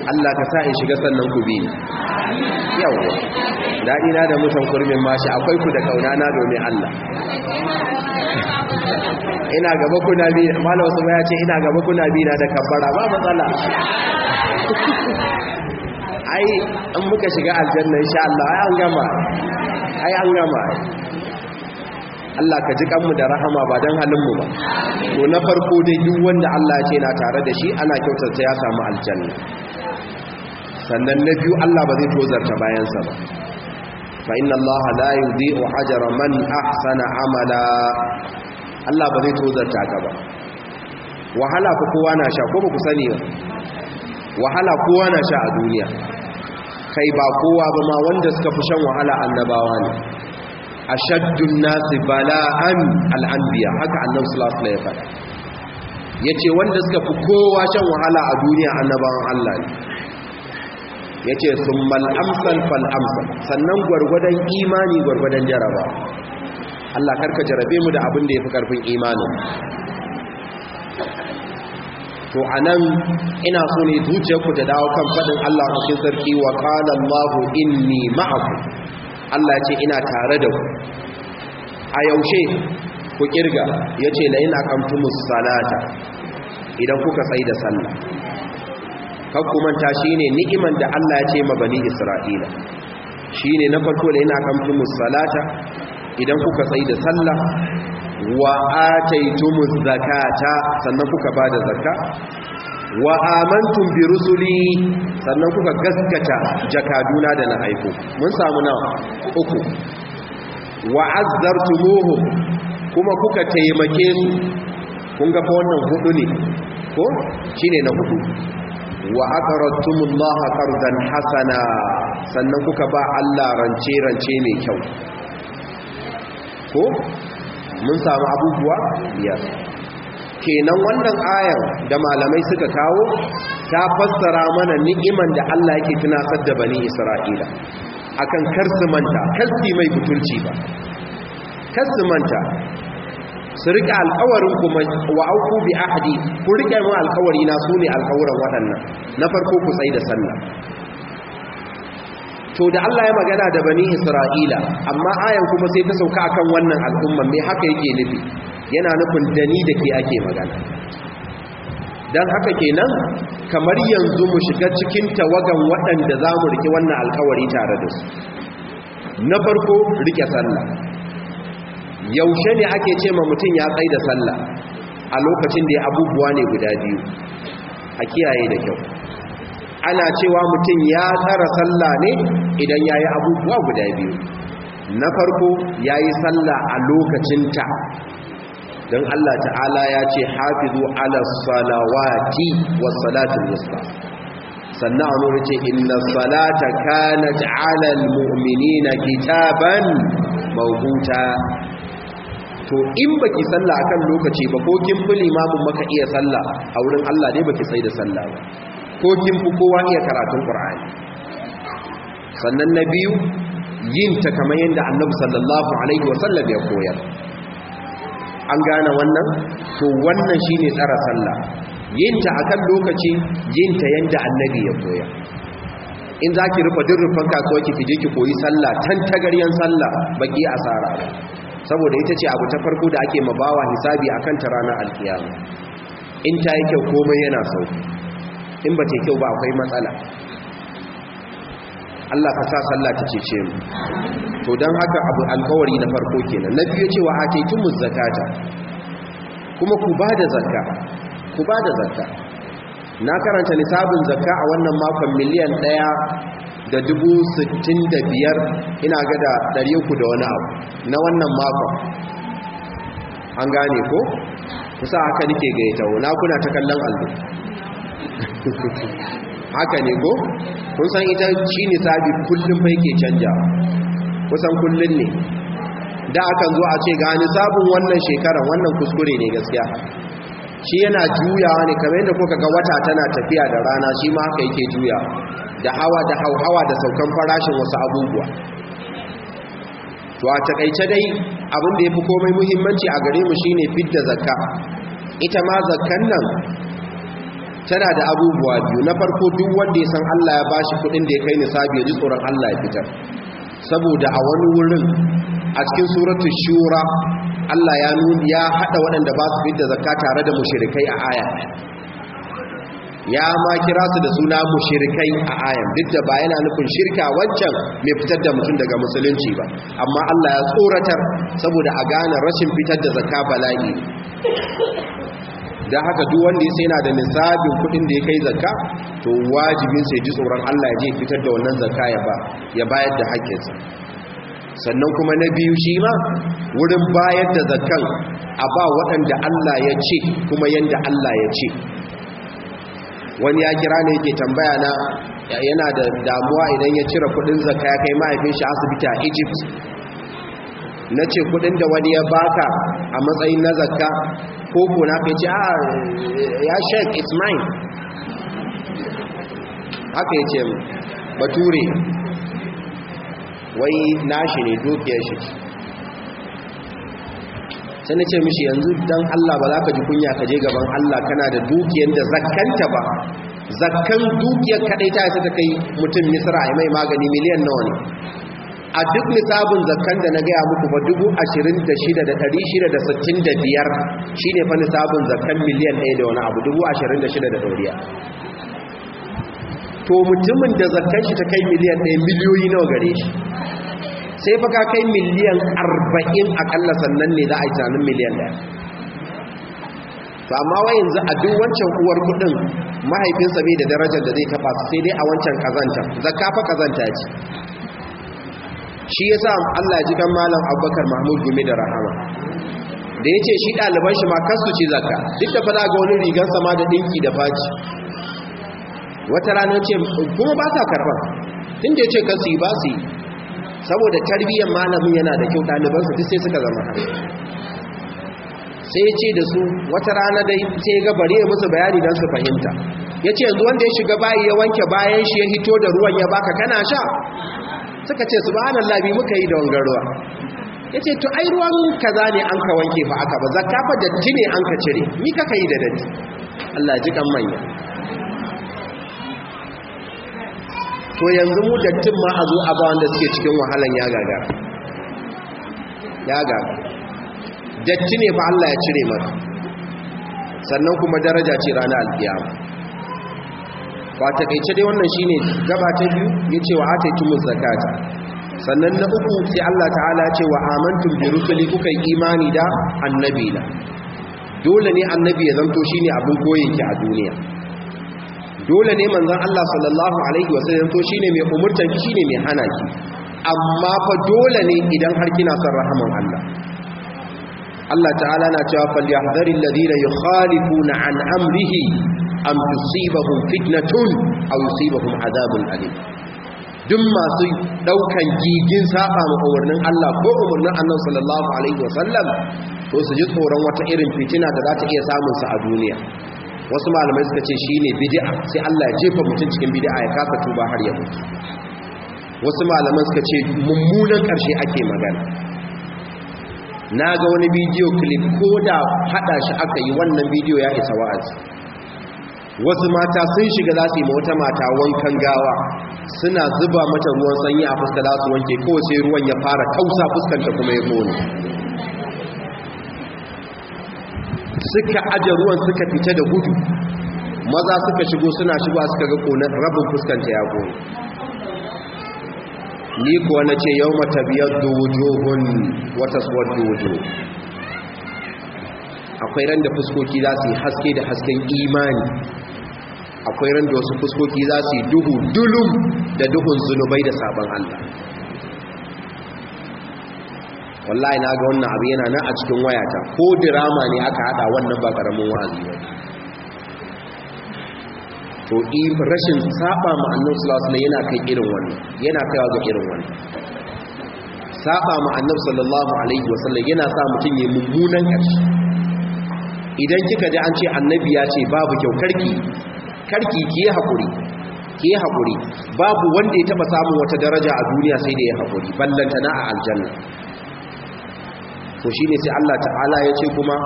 Allah ka sa in shiga sannan ku bi yawa dadi na da mutan kurmin mashi akwai ku da kauna na domin Allah ina gaba kuna bi malam Usman ya ce ina gaba kuna bi na da kabbara ba matsala ai in muka shiga aljanna insha Allah ai an gama ai an gama Allah ka ji kanmu da rahama ba don halinmu ba to na farko dai duk wanda Allah ce na tare da shi ana kyautata ya samu aljanna sannan na biyu Allah ba zai tozarta bayansa ba fa inna Allah la yudhi'u ajra man ahsana amala Allah ba zai tozarta ka ba wahala ku kowa na sha ko ba ku sani ba wahala kowa na sha a duniya kai ba kowa ba ma wanda suka fi shan wahala annabawa ne ashaddun nasi bala'an al'anbiya haka annabi sallallahu alaihi wasallam yace wanda suka fi kowa shan wahala a duniya annabawan Allah ne yace summal amsal fal amsal sannan gwargwadon imani gwargwadon jaraba Allah karka jarabe mu da abin da yafi karfin imanin to anan ina so ne zuciyarku ta dawo kan fadin Allah a cikin sarki wa qala Allahu inni ma'akum Allah ce ina tare da ku a yaushe ku kirga ya ce na ina kamtu salata idan kuka tsaye da sallah kakkumanta shi ne ni'iman da Allah ya ce ma isra'ila shi ne na farko da ina kamtu salata idan kuka tsaye da sallah wa ataitumuz zakata sannan kuka ba da zakka wa amantum bi rusuli sannan kuka gaskata jakaduna da na aiko mun samu na uku wa azzartumuhum kuma kuka taimake su kun ga fa wannan hudu ne ko shine na hudu wa aqrattumullaha qardan hasana sannan kuka ba Allah rance rance mai kyau ko mun samu abubuwa biyar kenan wannan ayar da malamai suka kawo ta fassara mana ni'iman da Allah yake tunasar da bani Isra'ila akan karsumanta kalsi mai butulci ba karsumanta su rika alkawarin kuma wa auku bi ahdi ku rika mu alkawari na sune alkawuran waɗannan na farko ku sai da sallah to da Allah ya magana da bani Isra'ila amma ayan kuma sai ta sauka akan wannan al'umma me haka yake nufi yana nufin dani da ke ake magana don haka kenan kamar yanzu mu shiga cikin tawagan waɗanda za mu riƙe wannan alkawari tare da su na farko riƙe sallah yaushe ne ake ce ma mutum ya tsaye da sallah a lokacin da ya abubuwa ne guda biyu a kiyaye da kyau ana cewa mutum ya tsara sallah ne idan ya yi abubuwa guda biyu na farko ya yi sallah a lokacinta don Allah ta'ala ya ce hafizu ala salawati was salatul wusta sannan a nuna ce inna salata taala ala almu'minina kitaban mawquta to in baki sallah akan lokaci ba ko kin fi limamin maka iya sallah a wurin Allah ne baki sai da sallah ba ko kin fi kowa iya karatun ƙur'ani, sannan na biyu yin ta kamar yadda Annabi sallallahu alaihi wasallam ya koyar an gane wannan to wannan shine tsara sallah yinta akan lokaci yinta yanda annabi ya koya in zaki rufa durrufan rufan kasuwa ki fije ki koyi sallah tan tagaryan sallah baki asara saboda ita ce abu ta farko da ake mabawa hisabi akan ta ranar alkiyama in ta yi kyau komai yana sauki in ba ta kyau ba akwai matsala Allah ka sa sallah ta cece mu to dan haka abu alƙawari na farko kenan na biyu cewa ataitum zakata kuma ku ba da zakka ku ba da zakka na karanta nisabin zakka a wannan makon miliyan ɗaya da dubu sittin da biyar ina ga da ɗari ku da wani abu na wannan makon an gane ko kusa haka nike gaita na kuna ta kallon allo haka ne ko kun san ita shi nisabi kullum fa yake canja kusan kullum ne da akan zo a ce gani sabon wannan shekarar wannan kuskure ne gaskiya shi yana juyawa ne kamar yadda kuka ga wata tana tafiya da rana shi ma haka yake juya da hawa da hauhawa da saukan farashin wasu abubuwa to a takaice dai abin da ya fi komai muhimmanci a gare mu shine fidda zakka ita ma zakkan nan tana da abubuwa biyu na farko duk wanda ya san Allah ya bashi kudin da ya kai nisabi ya ji tsoron Allah ya fitar saboda a wani wurin a cikin suratu shura Allah ya nuni ya hada waɗanda ba su fitar zakka tare da mushrikai a aya ya ma kira su da suna mushrikai a ayan duk da ba yana nufin shirka wancan mai fitar da mutum daga musulunci ba amma Allah ya tsoratar saboda a gane rashin fitar da zakka bala'i don haka duk wanda ya sai yana da nisabin kudin da ya kai zakka to wajibin sai ji tsoron Allah ya je fitar da wannan zaka ya ba ya bayar da haƙƙinsa sannan kuma na biyu shi ma wurin bayar da zakan a ba waɗanda Allah ya ce kuma yanda Allah ya ce wani ya kira ne yake tambaya na yana da damuwa idan ya cire kudin zakka ya kai mahaifin shi asibiti a Egypt na ce kudin da wani ya baka a matsayin na zakka ko kuna ka ce a ah, ya shek it's mine haka ya ce bature wai nashi ne dukiyar shi sai na ce mishi yanzu don Allah ba za ka ji kunya ka je gaban Allah kana da dukiyar da zakkanta ba zakkan dukiyar kadai ta yi ta kai mutum misra a mai magani miliyan nawa ne a duk misabin zakkan da na gaya muku ba dubu ashirin da shida da ɗari shida da sittin da biyar shi ne fa nisabin zakkan miliyan ɗaya da wani abu dubu ashirin da shida da dauriya. to mutumin da zakkan shi ta kai miliyan ɗaya miliyoyi nawa gare shi sai fa ka kai miliyan arba'in akalla sannan ne za a yi tunanin miliyan ɗaya amma wa yanzu a duk wancan uwar kudin mahaifinsa bai da darajar da zai tafasa, sai dai a wancan kazanta zakka fa kazanta ce shi ya sa Allah ji kan malam abubakar mahmud gumi da rahama da ya ce shi ɗaliban shi ma kasu ce zaka duk da fada ga wani rigar sama da ɗinki da faci wata rana ce kuma ba sa karɓar tun da ya ce kasu yi ba su yi saboda tarbiyyar malamin yana da kyau ɗaliban su sai suka zama sai ya ce da su wata rana dai sai ga bari ya musu bayani don su fahimta ya ce yanzu wanda ya shiga bayi ya wanke bayan shi ya hito da ruwan ya baka kana sha suka ce subhanallah bi muka yi da garuwa ruwa yace to ai ruwan kaza ne an ka wanke fa aka ba zakka fa datti ne an ka cire mi kaka yi da datti Allah ji kan manya to yanzu mu dattin ma a zo a ba wanda suke cikin wahalan ya gaga ya gaga datti ne fa Allah ya cire maka sannan kuma daraja ce ranar alkiyama ba ta kaice dai wannan shine gaba ta biyu yace wa ataytumuz zakata sannan na uku sai Allah ta'ala ce wa amantum bi rusuli kuka imani da annabi na dole ne annabi ya zanto shine abin ki a duniya dole ne manzon Allah sallallahu alaihi wasallam shi shine mai umurtan ki shine mai hana ki amma fa dole ne idan har kina son rahaman Allah Allah ta'ala na cewa falyahdharil ladina yukhalifuna an amrihi am tusibahum fitnatun aw yusibahum adhabun alim duk masu daukan gigin saba ma umarnin Allah ko umarnin Allah sallallahu alaihi wasallam su ji tsoron wata irin fitina da za ta iya samun su a duniya wasu malamai suka ce shine bid'a sai Allah ya jefa mutum cikin bid'a ya kafa tuba har ya mutu wasu malamai suka ce mummunan karshe ake magana na ga wani bidiyo clip ko da haɗa shi aka yi wannan bidiyo ya isa wa'azi wasu mata sun shiga za su yi wata mata wankan gawa suna zuba mata ruwan sanyi a fuska za su wanke ko sai ruwan ya fara kausa fuskanta kuma ya kone suka aje ruwan suka fita da gudu maza suka shigo suna shigo suka ga konar rabin fuskanta ya kone ni kuwa na ce yau dojo wujuhun wata suwar dojo, akwai randa fuskoki za su yi haske da hasken imani akwai randa wasu fuskoki za su yi duhu dulu da duhun zunubai da sabon Allah wallahi na ga wannan abu yana nan a cikin wayata ko dirama ne aka hada wannan ba karamin wa'azi ba to eh, rashin saba ma annabi sallallahu alaihi yana kai irin wannan yana kaiwa ga irin wannan saba ma annabi sallallahu alaihi wasallam yana sa mutun yayi mummunan karshe idan kika ji an ce annabi ya ce babu kyau karki karki ki hakuri ki hakuri babu wanda ya taba samun wata daraja a duniya sai da ya hakuri ballanta na a aljanna to shi ne sai Allah ta'ala ya ce kuma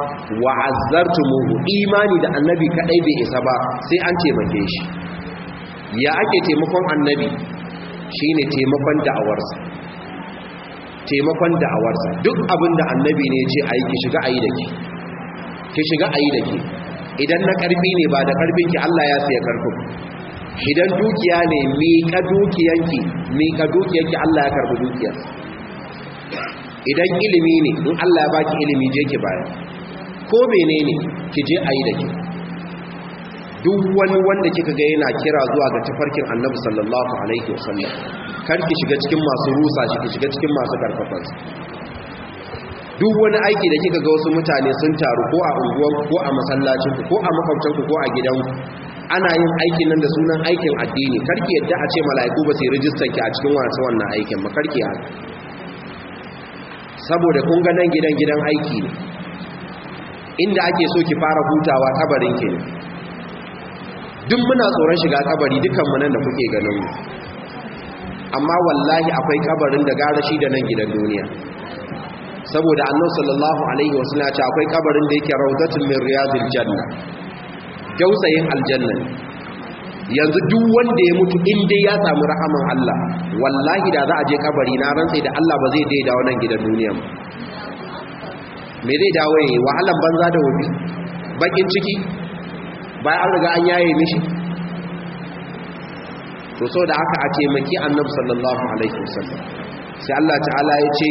muhu imani da annabi kadai bai isa ba sai an taimake shi ya ake taimakon annabi shi ne taimakon da'awarsa taimakon da'awarsa duk abin da annabi ne ce a yi ki shiga a yi da ke ki shiga a yi da ke idan na karfi ne ba da karfin ki Allah ya siya karfin idan dukiya ne miƙa dukiyanki miƙa dukiyanki Allah ya karɓi dukiyarsa idan ilimi ne in Allah ya baki ilimi je ki bayar ko menene ki je ayi da ki duk wani wanda kika ga yana kira zuwa ga tafarkin Annabi sallallahu alaihi wasallam kar ki shiga cikin masu rusa shi ki shiga cikin masu karfafa duk wani aiki da kika ga wasu mutane sun taru ko a unguwar ko a masallacin ku ko a makwabcin ku ko a gidan ku ana yin aikin nan da sunan aikin addini karki yadda a ce mala'iku ba su yi rijistar ki a cikin wasu wannan aikin ba ki haka saboda kun ga nan gidan gidan aiki ne inda ake so ki fara hutawa kabarin ki ne duk muna tsoron shiga kabari dukan mu nan da kuke ganin mu amma wallahi akwai kabarin da gara shi da nan gidan duniya saboda annabi sallallahu alaihi wasallam ya ce akwai kabarin da yake rawdatun min riyadil janna dausayin aljanna yanzu duk wanda ya mutu in dai ya samu rahaman Allah wallahi da za a je kabari na rantsai da Allah ba zai dai dawo nan gidan duniya me zai dawo yayi wahalan banza da wofi bakin ciki bai an riga an yaye mishi to da aka a taimaki annabi sallallahu alaihi wasallam sai Allah ta'ala ya ce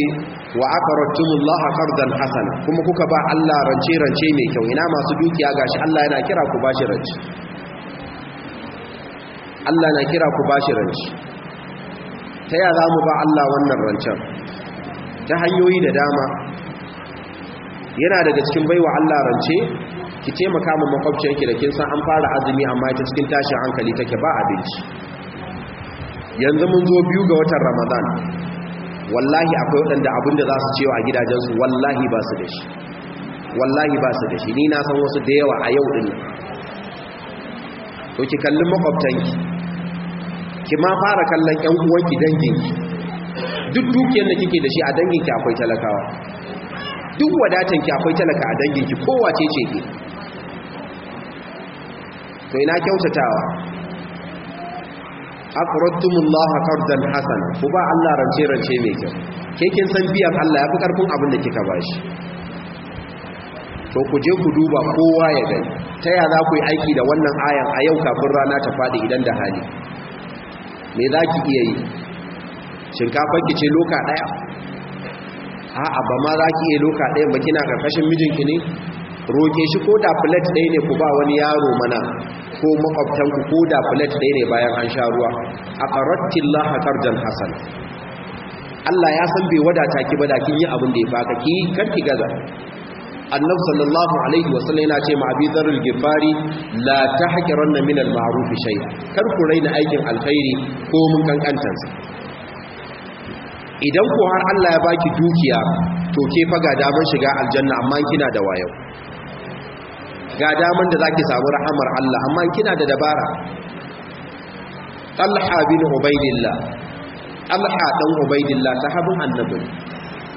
wa aqartumullah qardan hasana kuma kuka ba Allah rance rance mai kyau ina masu dukiya gashi Allah yana kira ku bashi rance Allah na kira ku bashi ranci ta yaya za mu ba Allah wannan rancen ta hanyoyi da dama yana daga cikin baiwa Allah rance ki taimaka makwabcin ki da kin san an fara azumi amma ita cikin tashin hankali take ba abinci yanzu mun zo biyu ga watan ramadan wallahi akwai waɗanda abinda za su cewa a gidajensu wallahi ba su da shi wallahi ba su da shi ni na san wasu da yawa a yau din to ki kalli makwabtanki ki ma fara kallon ƴan uwanki danginki duk dukiyar da kike da shi a danginki akwai talakawa duk wadatanki akwai talaka a danginki kowa ce ce ke to ina kyautatawa aqradtumullah qardan hasana ku ba Allah rance rance mai kyau ke kin san biyan Allah yafi karfin abin da kika bashi to ku je ku duba kowa ya gani ta ya za ku yi aiki da wannan ayan a yau kafin rana ta faɗi idan da hali me za ki iya yi Shinkafar ki ce loka ɗaya a'a ba ma za ki iya loka ɗaya ba kina ƙarƙashin mijinki ne Roke shi ko da plate ɗaya ne ku ba wani yaro mana ko makwabtanku ko da plate ɗaya ne bayan an sha ruwa a ƙarattin lahakar jan hassan Allah ya san bai wadata ki ba da kin yi abin da ya faka ki karki gaza annabi sallallahu alaihi wasallam yana ce ma abi dharul gifari la tahqiranna min al ma'ruf shay'a kar ku raina aikin alkhairi ko mun kankantansa idan ku har Allah ya baki dukiya to ke fa ga damar shiga aljanna amma kina da wayo ga damar da zaki samu rahamar Allah amma kina da dabara Talha bin Ubaidillah Talha dan Ubaidillah sahabin annabi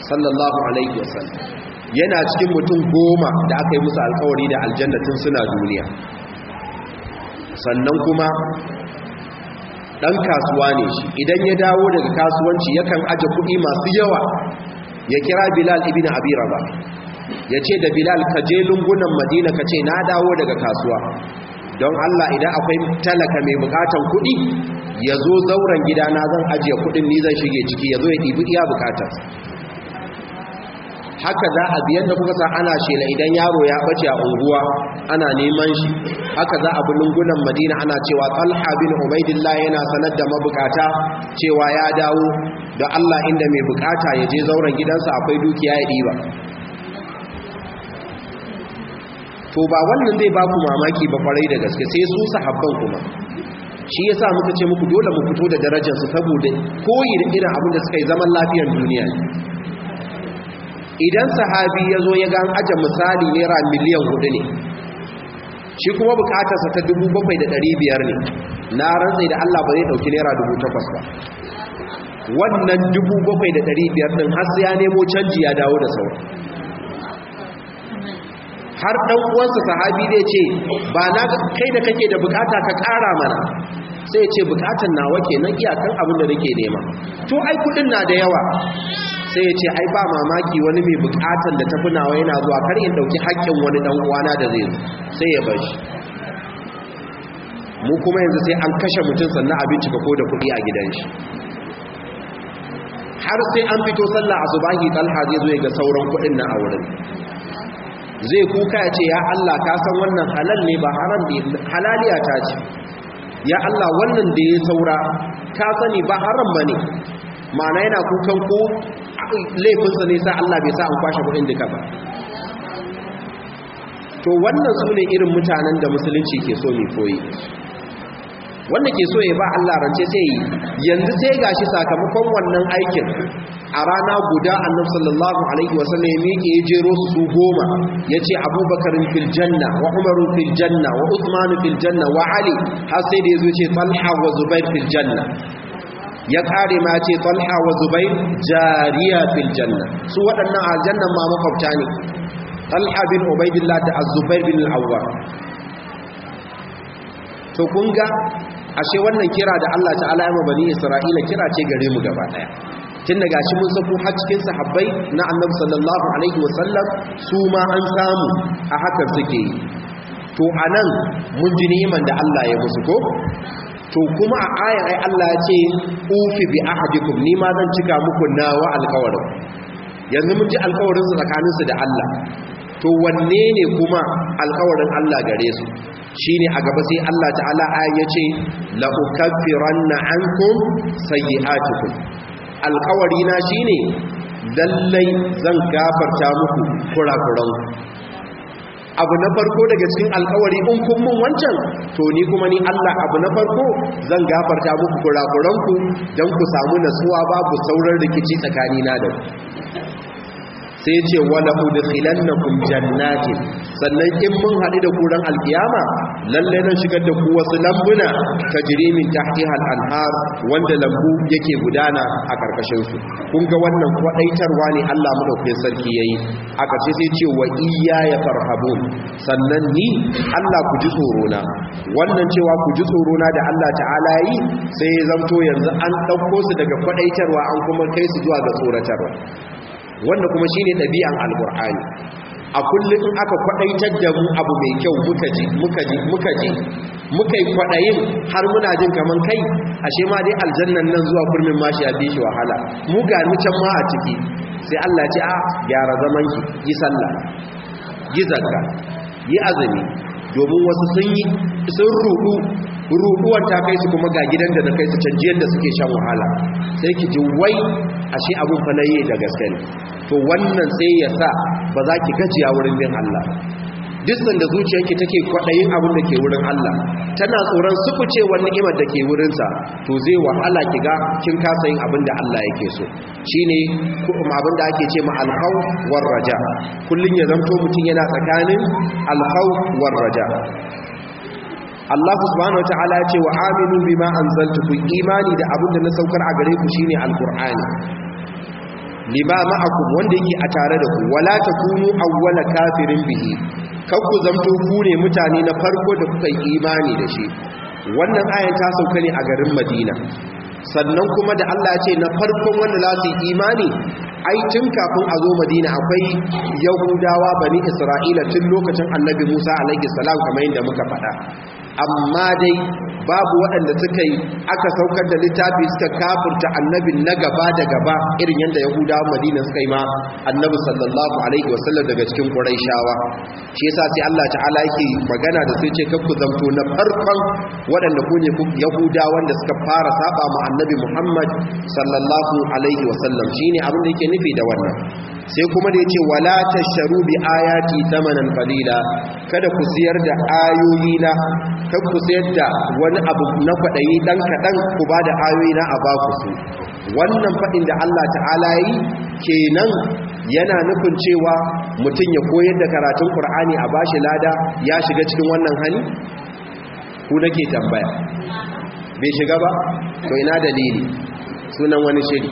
sallallahu alaihi wasallam yana cikin mutum goma da aka yi musu alkawari da aljannatin suna duniya sannan kuma ɗan kasuwa ne shi idan ya dawo daga kasuwanci yakan aje kuɗi masu yawa ya kira bilal ibn abira ba, ya ce da bilal ka je lungunan madina ka ce na dawo daga kasuwa don allah idan akwai talaka mai bukatan kuɗi ya zo zauren gida na zan ajiye kuɗin ni zan shige ciki ya zo ya ɗibi iya bukatar haka za a biyan da kuka san ana shela idan yaro ya bace a unguwa ana neman shi haka za a bulungunan madina ana cewa talha bin ubaidillah yana sanar da mabukata cewa ya dawo da allah inda mai bukata ya je zauren gidansa akwai dukiya ya ɗiba to ba wannan zai ba ku mamaki ba kwarai da gaske sai su sahabban kuma shi yasa muka ce muku dole mu fito da darajarsu saboda koyi da irin abin da suka yi zaman lafiyar duniya idan sahabi ya zo ya ga an aje misali naira miliyan hudu ne shi kuma bukatarsa ta dubu bakwai da ɗari biyar ne na rantsai da allah ba zai ɗauki naira dubu takwas ba wannan dubu bakwai da ɗari biyar ɗin har sai ya nemo canji ya dawo da sauran har ɗan uwansa sahabi zai ce ba na kai da kake da bukata ka kara mana sai ya ce bukatan nawa kenan iyakan abin da nake nema to ai kuɗin na da yawa sai ya ce ai ba mamaki wani mai bukatar da tafi nawa yana zuwa kar in dauki hakkin wani dan uwana da zai sai ya bar shi mu kuma yanzu sai an kashe mutum sannan a bincika ko da kuɗi a gidan shi har sai an fito sallah asubahi talha zai zo ga sauran kuɗin na aure, wurin zai kuka ya ce ya Allah ka san wannan halal ne ba haram ne halaliya ta ce ya Allah wannan da ya saura ka sani ba haram bane ma'ana yana kukan ku? laifinsa ne sa Allah bai sa an kwashe kudin duka ba to wannan su ne irin mutanen da musulunci ke so mai koyi wanda ke so ya ba Allah rance sai yi yanzu sai gashi sakamakon wannan aikin a rana guda annabi sallallahu alaihi wasallam ya miƙe ya jero su goma yace Abubakar fil janna wa Umar filjanna, janna wa Uthman fil wa Ali har sai da yazo ce Talha wa Zubair filjanna. ya kare ma ce talha wa zubair jariya fil janna su waɗannan aljannan ma makwabta ne talha bin ubaidillah da azubair bin al'awwa to kun ga ashe wannan kira da Allah ta'ala ya mabani isra'ila kira ce gare mu gaba daya tun daga shi mun sako har cikin sahabbai na annabi sallallahu alaihi wa sallam, su ma an samu a haka suke to anan mun ji neman da Allah ya musu ko to kuma a ayan ai Allah ya ce ufi bi ahadikum ni ma zan cika muku nawa alƙawarin yanzu mun ji alƙawarin su tsakanin su da Allah to wanne ne kuma alƙawarin Allah gare su shine a gaba sai Allah ta'ala ayan ya ce la ukaffiranna ankum sayyi'atukum alƙawari na shine lallai zan gafarta muku kurakuranku abu na farko daga cikin alkawari in kun mun wancan to ni kuma ni Allah abu na farko zan gafarta muku kurakuranku don ku samu nasuwa babu sauran rikici tsakanina da ku sai ya ce wala udkhilannakum jannati sannan in mun haɗu da kuran alkiyama Lallai nan shigar da ku wasu lambuna ta tahtiha al-anhar wanda lambu yake gudana a karkashin su kun ga wannan kwadaitarwa ne Allah mu dauke sarki yayi aka ce sai ce wa ya farhabun sannan ni Allah ku ji tsoro na wannan cewa ku ji tsoro na da Allah ta'ala yi sai ya zanto yanzu an ɗauko su daga kwadaitarwa an kuma kai su zuwa ga tsoratarwa wanda kuma shine ɗabi'an alkur'ani a kullum in aka kwadaitar da mu abu mai kyau muka ji muka ji muka ji muka yi kwadayin har muna jin kamar kai ashe ma dai aljannan nan zuwa kurmin ma shi yafi shi wahala mu ga mu can ma a ciki sai Allah ya ce a ah, gyara zaman ki yi sallah yi zakka yi azumi domin wasu sun yi sun ruɗuwar ta kai su kuma ga gidan da na kai su canji da suke shan wahala sai ki ji wai ashe abin fa da gaske ne to wannan sai ya sa ba za ki gajiya wurin bin Allah duk sanda zuciyarki take kwaɗayin abin da ke wurin Allah tana tsoron wani imar da ke wurinsa to zai wahala ki ga kin kasa yin abin da Allah yake so shine kuma abin da ake ce ma alhau war raja kullun ya zanto mutum yana tsakanin alhauwar war raja Allah subhanahu wataala ya ce wa aminu bima anzaltu ku imani da abin da na saukar a gare ku shine alqur'ani lima ma'akum wanda yake a tare da ku wala takunu awwala kafirin bihi kar ku zamto ku ne mutane na farko da kuka imani da shi wannan ayan ta sauka ne a garin Madina sannan kuma da Allah ya ce na farkon wanda za su imani ai tun kafin a zo madina akwai yahudawa bani isra'ila tun lokacin annabi musa alaihi salam kamar yadda muka faɗa amma dai babu waɗanda suka yi aka saukar da littafi suka kafurta annabi na gaba da gaba irin yadda yahuda madina suka yi ma annabi sallallahu alaihi wasallam daga cikin quraishawa shi yasa sai Allah ta'ala yake magana da sai ce kakku zamto na farkon waɗanda ku ne yahuda wanda suka fara saba ma annabi muhammad sallallahu alaihi wasallam shine abin da yake nufi da wannan sai kuma da yace wala tasharu bi ayati thamanan qalila kada ku siyar da ayoyi na kada ku siyar da wani wani abu na kwaɗayi ɗan kaɗan ku ba da ayoyi a ba ku su wannan faɗin da Allah ta'ala yi kenan yana nufin cewa mutum ya koyar da karatun Kur'ani a ba shi lada ya shiga cikin wannan hali ku nake tambaya bai shiga ba to ina dalili sunan wani shiri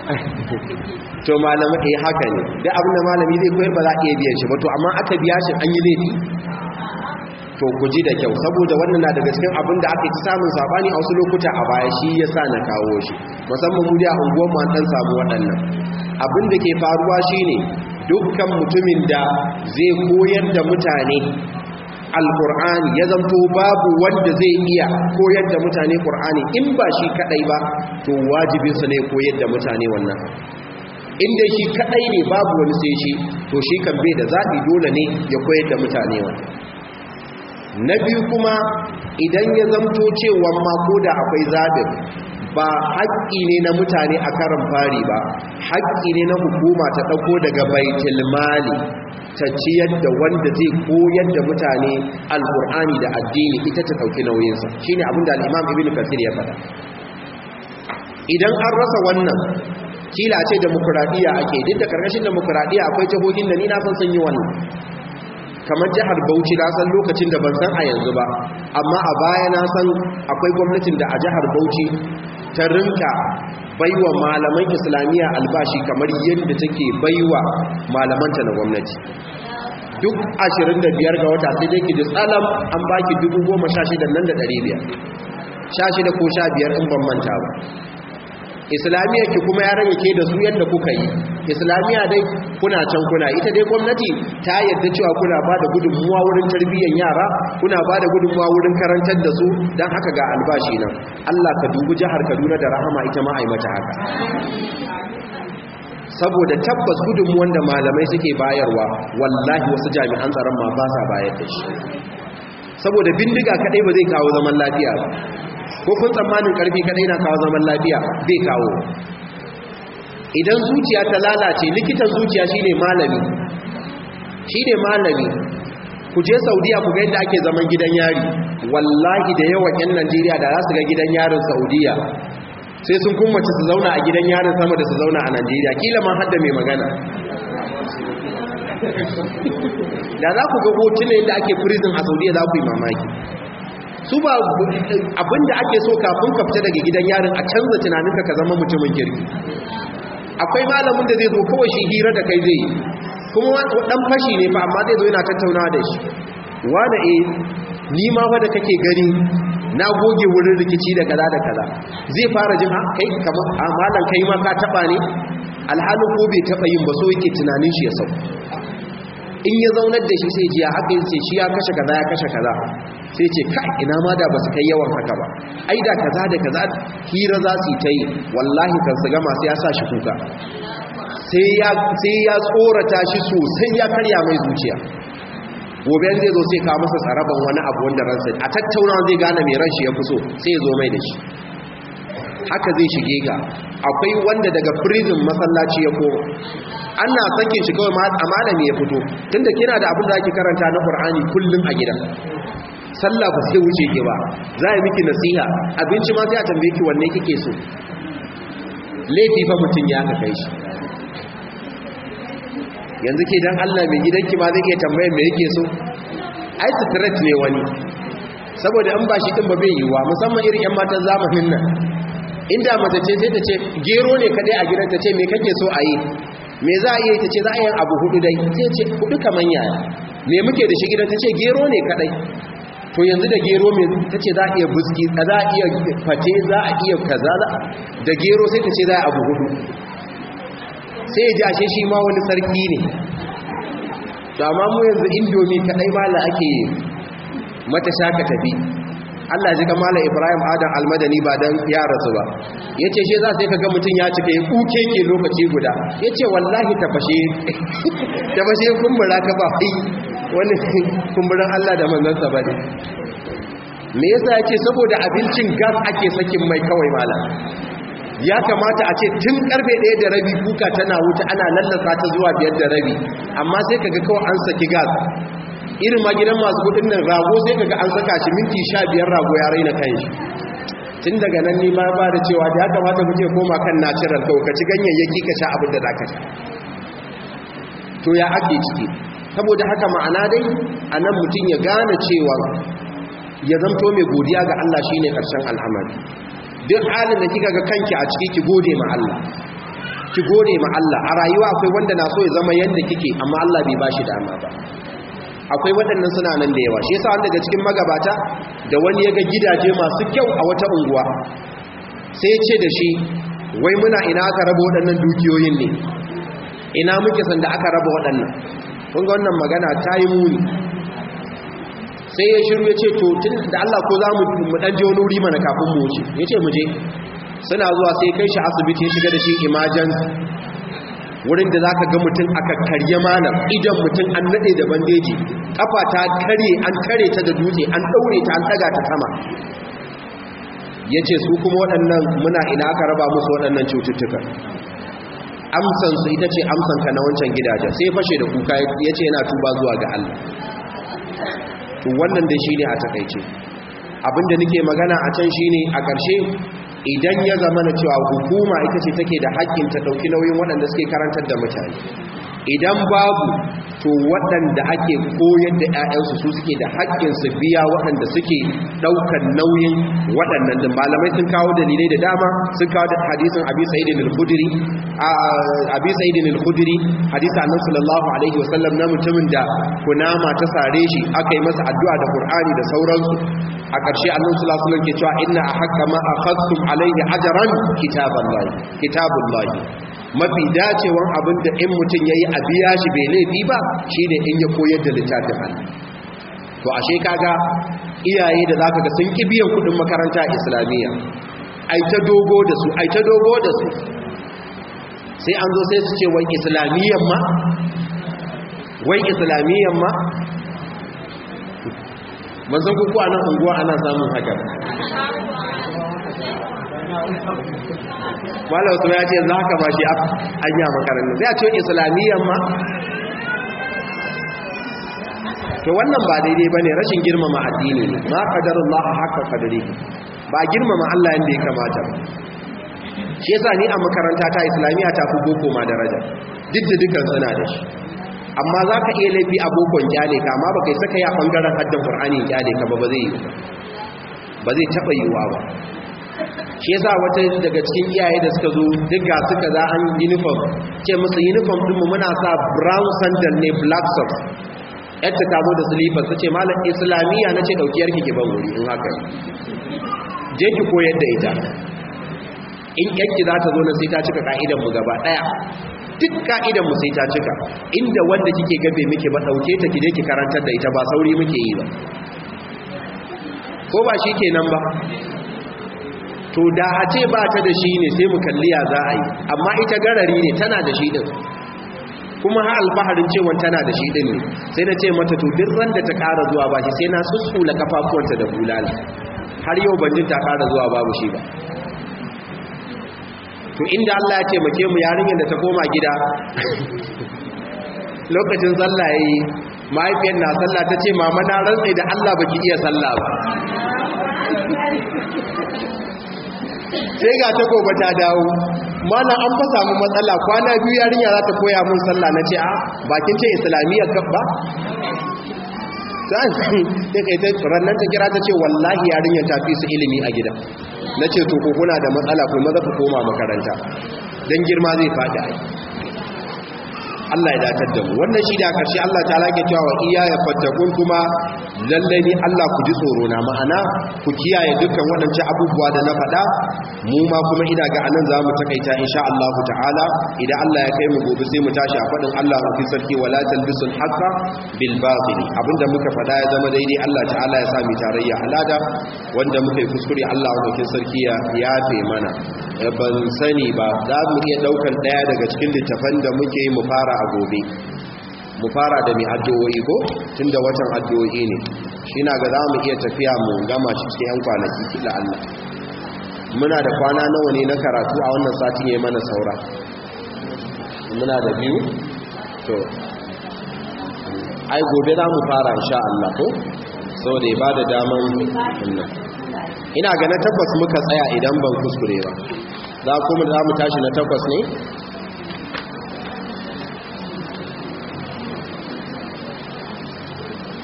to malama eh haka ne da abin da malami zai koyar ba za a biyan shi ba to amma aka biya shi an yi laifi to ku ji da kyau saboda wannan na daga cikin abin da aka yi samun sabani a wasu lokuta a baya shi ya sa na kawo shi musamman mu da unguwar mu an samu waɗannan abin da ke faruwa shine dukkan mutumin da zai koyar da mutane alkur'ani ya zanto babu wanda zai iya koyar da mutane ƙur'ani in ba shi kadai ba to wajibinsa ne koyar da mutane wannan inda shi kadai ne babu wani sai shi to shi kan bai da zaɓi dole ne ya koyar da mutane wannan na biyu kuma idan ya zanto cewa ma ko da akwai zaɓin ba haƙƙi ne na mutane a karin fari ba haƙƙi ne na hukuma ta ɗauko daga baitul mali ta ci yadda wanda zai koyar da mutane alƙur'ani da addini ita ta ɗauki nauyinsa shine abin da al'imam imam ibn kasir ya faɗa idan an rasa wannan kila ce demokuraɗiyya ake duk da ƙarƙashin demokuraɗiyya akwai jihohin da ni na san sun yi wannan kamar jihar bauchi na san lokacin da ban san a yanzu ba amma a baya na san akwai gwamnatin da a jihar bauchi ta rinka baiwa malaman islamiyya albashi kamar yadda take baiwa malamanta na gwamnati duk 25 ga wata sai dai ki tsalam an baki 16,500 16 ko 15 in ban manta ba islamiyyar ki kuma ya rage ke da su yadda kuka yi islamiyya dai kuna can kuna ita dai gwamnati ta yadda cewa kuna ba da gudunmuwa wurin tarbiyyar yara kuna ba da gudunmuwa wurin karantar da su don haka ga albashi nan allah ka dubi jihar kaduna da rahama ita ma mata haka saboda tabbas gudunmuwan da malamai suke bayarwa wallahi wasu jami'an tsaron ma ba sa bayar da shi saboda bindiga kaɗai ba zai kawo zaman lafiya ba ko kun tsammanin karfi kadai na kawo zaman lafiya zai kawo idan zuciya ta lalace likitan zuciya shine malami shine malami ku je saudiya ku ga yadda ake zaman gidan yari wallahi da yawan yan najeriya da za su ga gidan yarin saudiya sai sun ci su zauna a gidan yarin sama da su zauna a najeriya kila ma hadda mai magana da za ku ga hotunan yadda ake prison a saudiya za ku yi mamaki su ba abinda ake so kafin ka fita daga gidan yarin a canza tunaninka ka zama mutumin kirki akwai malamin da zai zo kawai shi hira da kai zai yi kuma dan fashi ne fa amma zai zo yana tattaunawa da shi wala eh ni ma fa da kake gani na goge wurin rikici da kaza da kaza zai fara jin kai kamar amalan ah, kai ma ka taba ne alhalin ko bai taba yin ba so yake tunanin shi ya sauka in ya zaunar da shi sai ji ya yin ce shi ya kashe kaza ya kashe kaza sai ce ka ina ma da basu kai yawan haka ba ai da kaza da kaza hira za su ta yi wallahi kan su gama sai ya sa shi kuka sai ya tsorata shi sosai ya karya mai zuciya gobe zai zo sai ka masa tsaraban wani abu wanda ransa a tattauna zai gane mai ran shi ya fi so sai ya zo mai da shi haka zai shige ga akwai wanda daga prison masallaci ya koma ana sake shi kawai a malami ya fito tunda kina da abin da ake karanta na Qur'ani kullum a gidan sallah ba sai wuce ke ba za a miki nasiha abinci ma sai a tambaye ki wanne kike so laifi fa mutun ya kai shi yanzu ke dan Allah mai gidan ki, ma zai ke tambaye me yake so ai ne wani saboda in ba shi din ba bai yiwa musamman irin yan matan zamanin nan inda mace ce sai ta ce gero ne kadai a gidan ta ce me kake so a yi me za a yi ta ce za a yi abu hudu dai sai ce hudu kaman yaya me muke da shi gidan ta ce gero ne kadai to yanzu da gero me ta ce za a iya buski za a iya fate za a iya kaza da gero sai ta ce za a abu hudu sai ya ji ashe shi ma wani sarki ne to amma mu yanzu indomi kadai la ake mata shaka tafi Allah ji kama la Ibrahim Adam Almadani ba dan ya rasu ba yace shi za sai kaga mutun ya cike kuke ke lokaci guda yace wallahi tafashe tafashe kumbura ka ba ai wani kumburan Allah da sa ba ne me yasa yace saboda abincin gas ake sakin mai kawai malam ya kamata a ce tun karfe 1 da rabi kuka tana wuta ana lallasa ta zuwa biyar da rabi amma sai kaga kawai an saki gas irin ma gidan masu kudin nan rago sai kaga an saka shi minti sha biyar rago ya raina kan shi tun daga nan ni ma ba da cewa da ya kamata kuke koma kan natural kau ka ci ganyayyaki ka sha abin da za ka ci to ya ake ciki saboda haka ma'ana dai a nan mutum ya gane cewa ya zamto mai godiya ga Allah shine karshen al'amari duk halin da kika ga kanki a ciki ki gode ma Allah ki gode ma Allah a rayuwa akwai wanda na so ya zama yadda kike amma Allah bai bashi dama ba akwai waɗannan suna nan da yawa shi yasa wanda daga cikin magabata da wani ya ga gidaje masu kyau a wata unguwa sai ce da shi wai muna ina aka raba waɗannan dukiyoyin ne ina muke sanda aka raba waɗannan kun ga wannan magana ta yi muni sai ya shiru ya ce to tun da Allah ko za mu dan je wani wuri mana kafin mu wuce ya ce mu je suna zuwa sai kai shi asibiti ya shiga da shi emergency wurin da za ka ga mutum aka karye malam idan mutum an naɗe da bandeji kafa ta kare an kare ta da dutse an ɗaure ta an ɗaga ta sama ya ce su kuma waɗannan muna ina aka raba musu waɗannan cututtuka amsansu ita ce amsanka na wancan gidaje, sai fashe da kuka ya ce yana tuba zuwa ga Allah to wannan da shi ne a takaice abinda nake magana a can shine a ƙarshe idan ya zama na cewa hukuma ita ce take da haƙƙin ta ɗauki nauyin waɗanda suke karantar da mutane idan babu to waɗanda ake koyar da 'ya'yansu su suke da haƙƙin su biya waɗanda suke ɗaukar nauyin waɗannan da malamai sun kawo dalilai da dama sun kawo da hadisin abi sa'idin al-khudri abi sa'idin al-khudri hadisi sallallahu alaihi wasallam na mutumin da kunama ta sare shi aka yi masa addu'a da qur'ani da sauransu a ƙarshe annabi sallallahu alaihi wasallam ke cewa inna a ahakka ma a akhadtum alaihi ajaran kitaballahi kitabullahi mafi dacewan abin da in mutum ya yi a biya shi bai laifi ba shi ne in ya koyar da littafin hannu to ashe kaga iyaye da za ka ga sun ki biyan kudin makaranta islamiyya ai ta dogo da su ai ta dogo da su sai an zo sai su ce wai islamiyyan ma wai islamiyyan ma ban san kuku a nan unguwa ana samun haka malam usman ya ce za ka ba shi an yi a makarantar sai a ce islamiyyan ma to wannan ba daidai ba ne rashin girmama addini ne ma a haka kadari ba girmama Allah yadda ya kamata ba shi yasa ni a makaranta ta islamiyya ta fi boko ma daraja duk da dukkan suna da shi amma za ka iya laifi a bokon kyale ka amma ba kai saka ya bangaren haddan qur'ani kyale ka ba ba zai yi ba zai taɓa yiwa ba shi yasa wata daga cikin iyaye da suka zo duk ga suka za an uniform ce musu uniform din mu muna sa brown sandal ne black socks yadda ta zo da slippers su ce malam islamiyya na ce ɗaukiyar ki ban wuri in haka je ki koyar da ita in kyakki za ta zo na sai ta cika ka'idanmu gaba ɗaya duk ka'idanmu sai ta cika inda wanda kike gabe muke ba dauke ta je ki karantar da ita ba sauri muke yi ba ko ba shi kenan ba to da a ce ba ta da shi ne sai mu kalliya za a yi amma ita garari ne tana da shi din kuma ha alfaharin cewa tana da shi din ne sai na ce mata to duk ran da ta ƙara zuwa ba shi sai na sussula kafafuwanta da bulali har yau ban ji ta ƙara zuwa babu shi ba to inda Allah ya taimake mu yarinyar da ta koma gida lokacin sallah yayi mahaifiyar na sallah ta ce mama na rantse da Allah baki iya sallah ba sai ga ta gobe ta dawo mana an fa samu matsala kwana biyu yarinya za ta koya mun sallah na ce a ah, bakin ce islamiyya ba sai kai ta rannan ta kira ta ce wallahi yarinya ta fi su ilimi a gida na ce to ko kuna da matsala ko maza ku koma makaranta dan girma zai faɗi Allah ya datar da mu wannan shi da karshe Allah ta lake cewa wa iya ya fattakun kuma lalle ni Allah ku ji tsoro na ma'ana ku kiyaye dukkan waɗancan abubuwa da na faɗa mu ma kuma ina ga anan za mu takaita insha Allah ta'ala idan Allah ya kai mu gobe sai mu tashi a faɗin Allah rufin sarki wala talbisul haqqa bil batil abinda muka faɗa ya zama daidai Allah ta'ala ya sa mu tarayya halada wanda muka yi kuskure Allah rufin sarki ya yafe mana eh, ban sani ba za mu iya daukan daya daga cikin littafan da muke mu fara a gobe mu fara da mai addu'o'i ko tun da watan addu'o'i ne shi na ga za mu iya tafiya mu gama shi cikin 'yan kwanaki kila Allah muna da kwana nawa ne na karatu a wannan sati ne mana saura muna da biyu to ai gobe za mu fara sha Allah ko sau da ba da daman ina ga na tabbas muka tsaya idan ban kuskure ba za kuma za mu tashi na takwas ne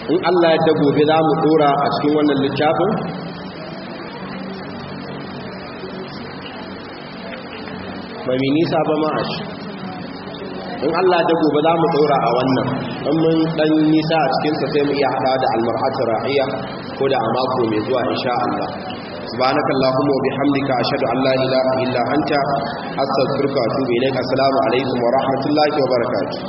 in Allah ya gobe za mu dora a cikin wannan littafin ba mai nisa ba ma a in Allah ya gobe za mu dora a wannan in mun ɗan nisa a cikinsa sai mu iya hada da almar'atu ra'iya ko da a mako mai zuwa insha Allah سبحانك اللهم وبحمدك أشهد أن لا إله إلا أنت أستغفرك وأتوب إليك alaikum wa rahmatullahi wa وبركاته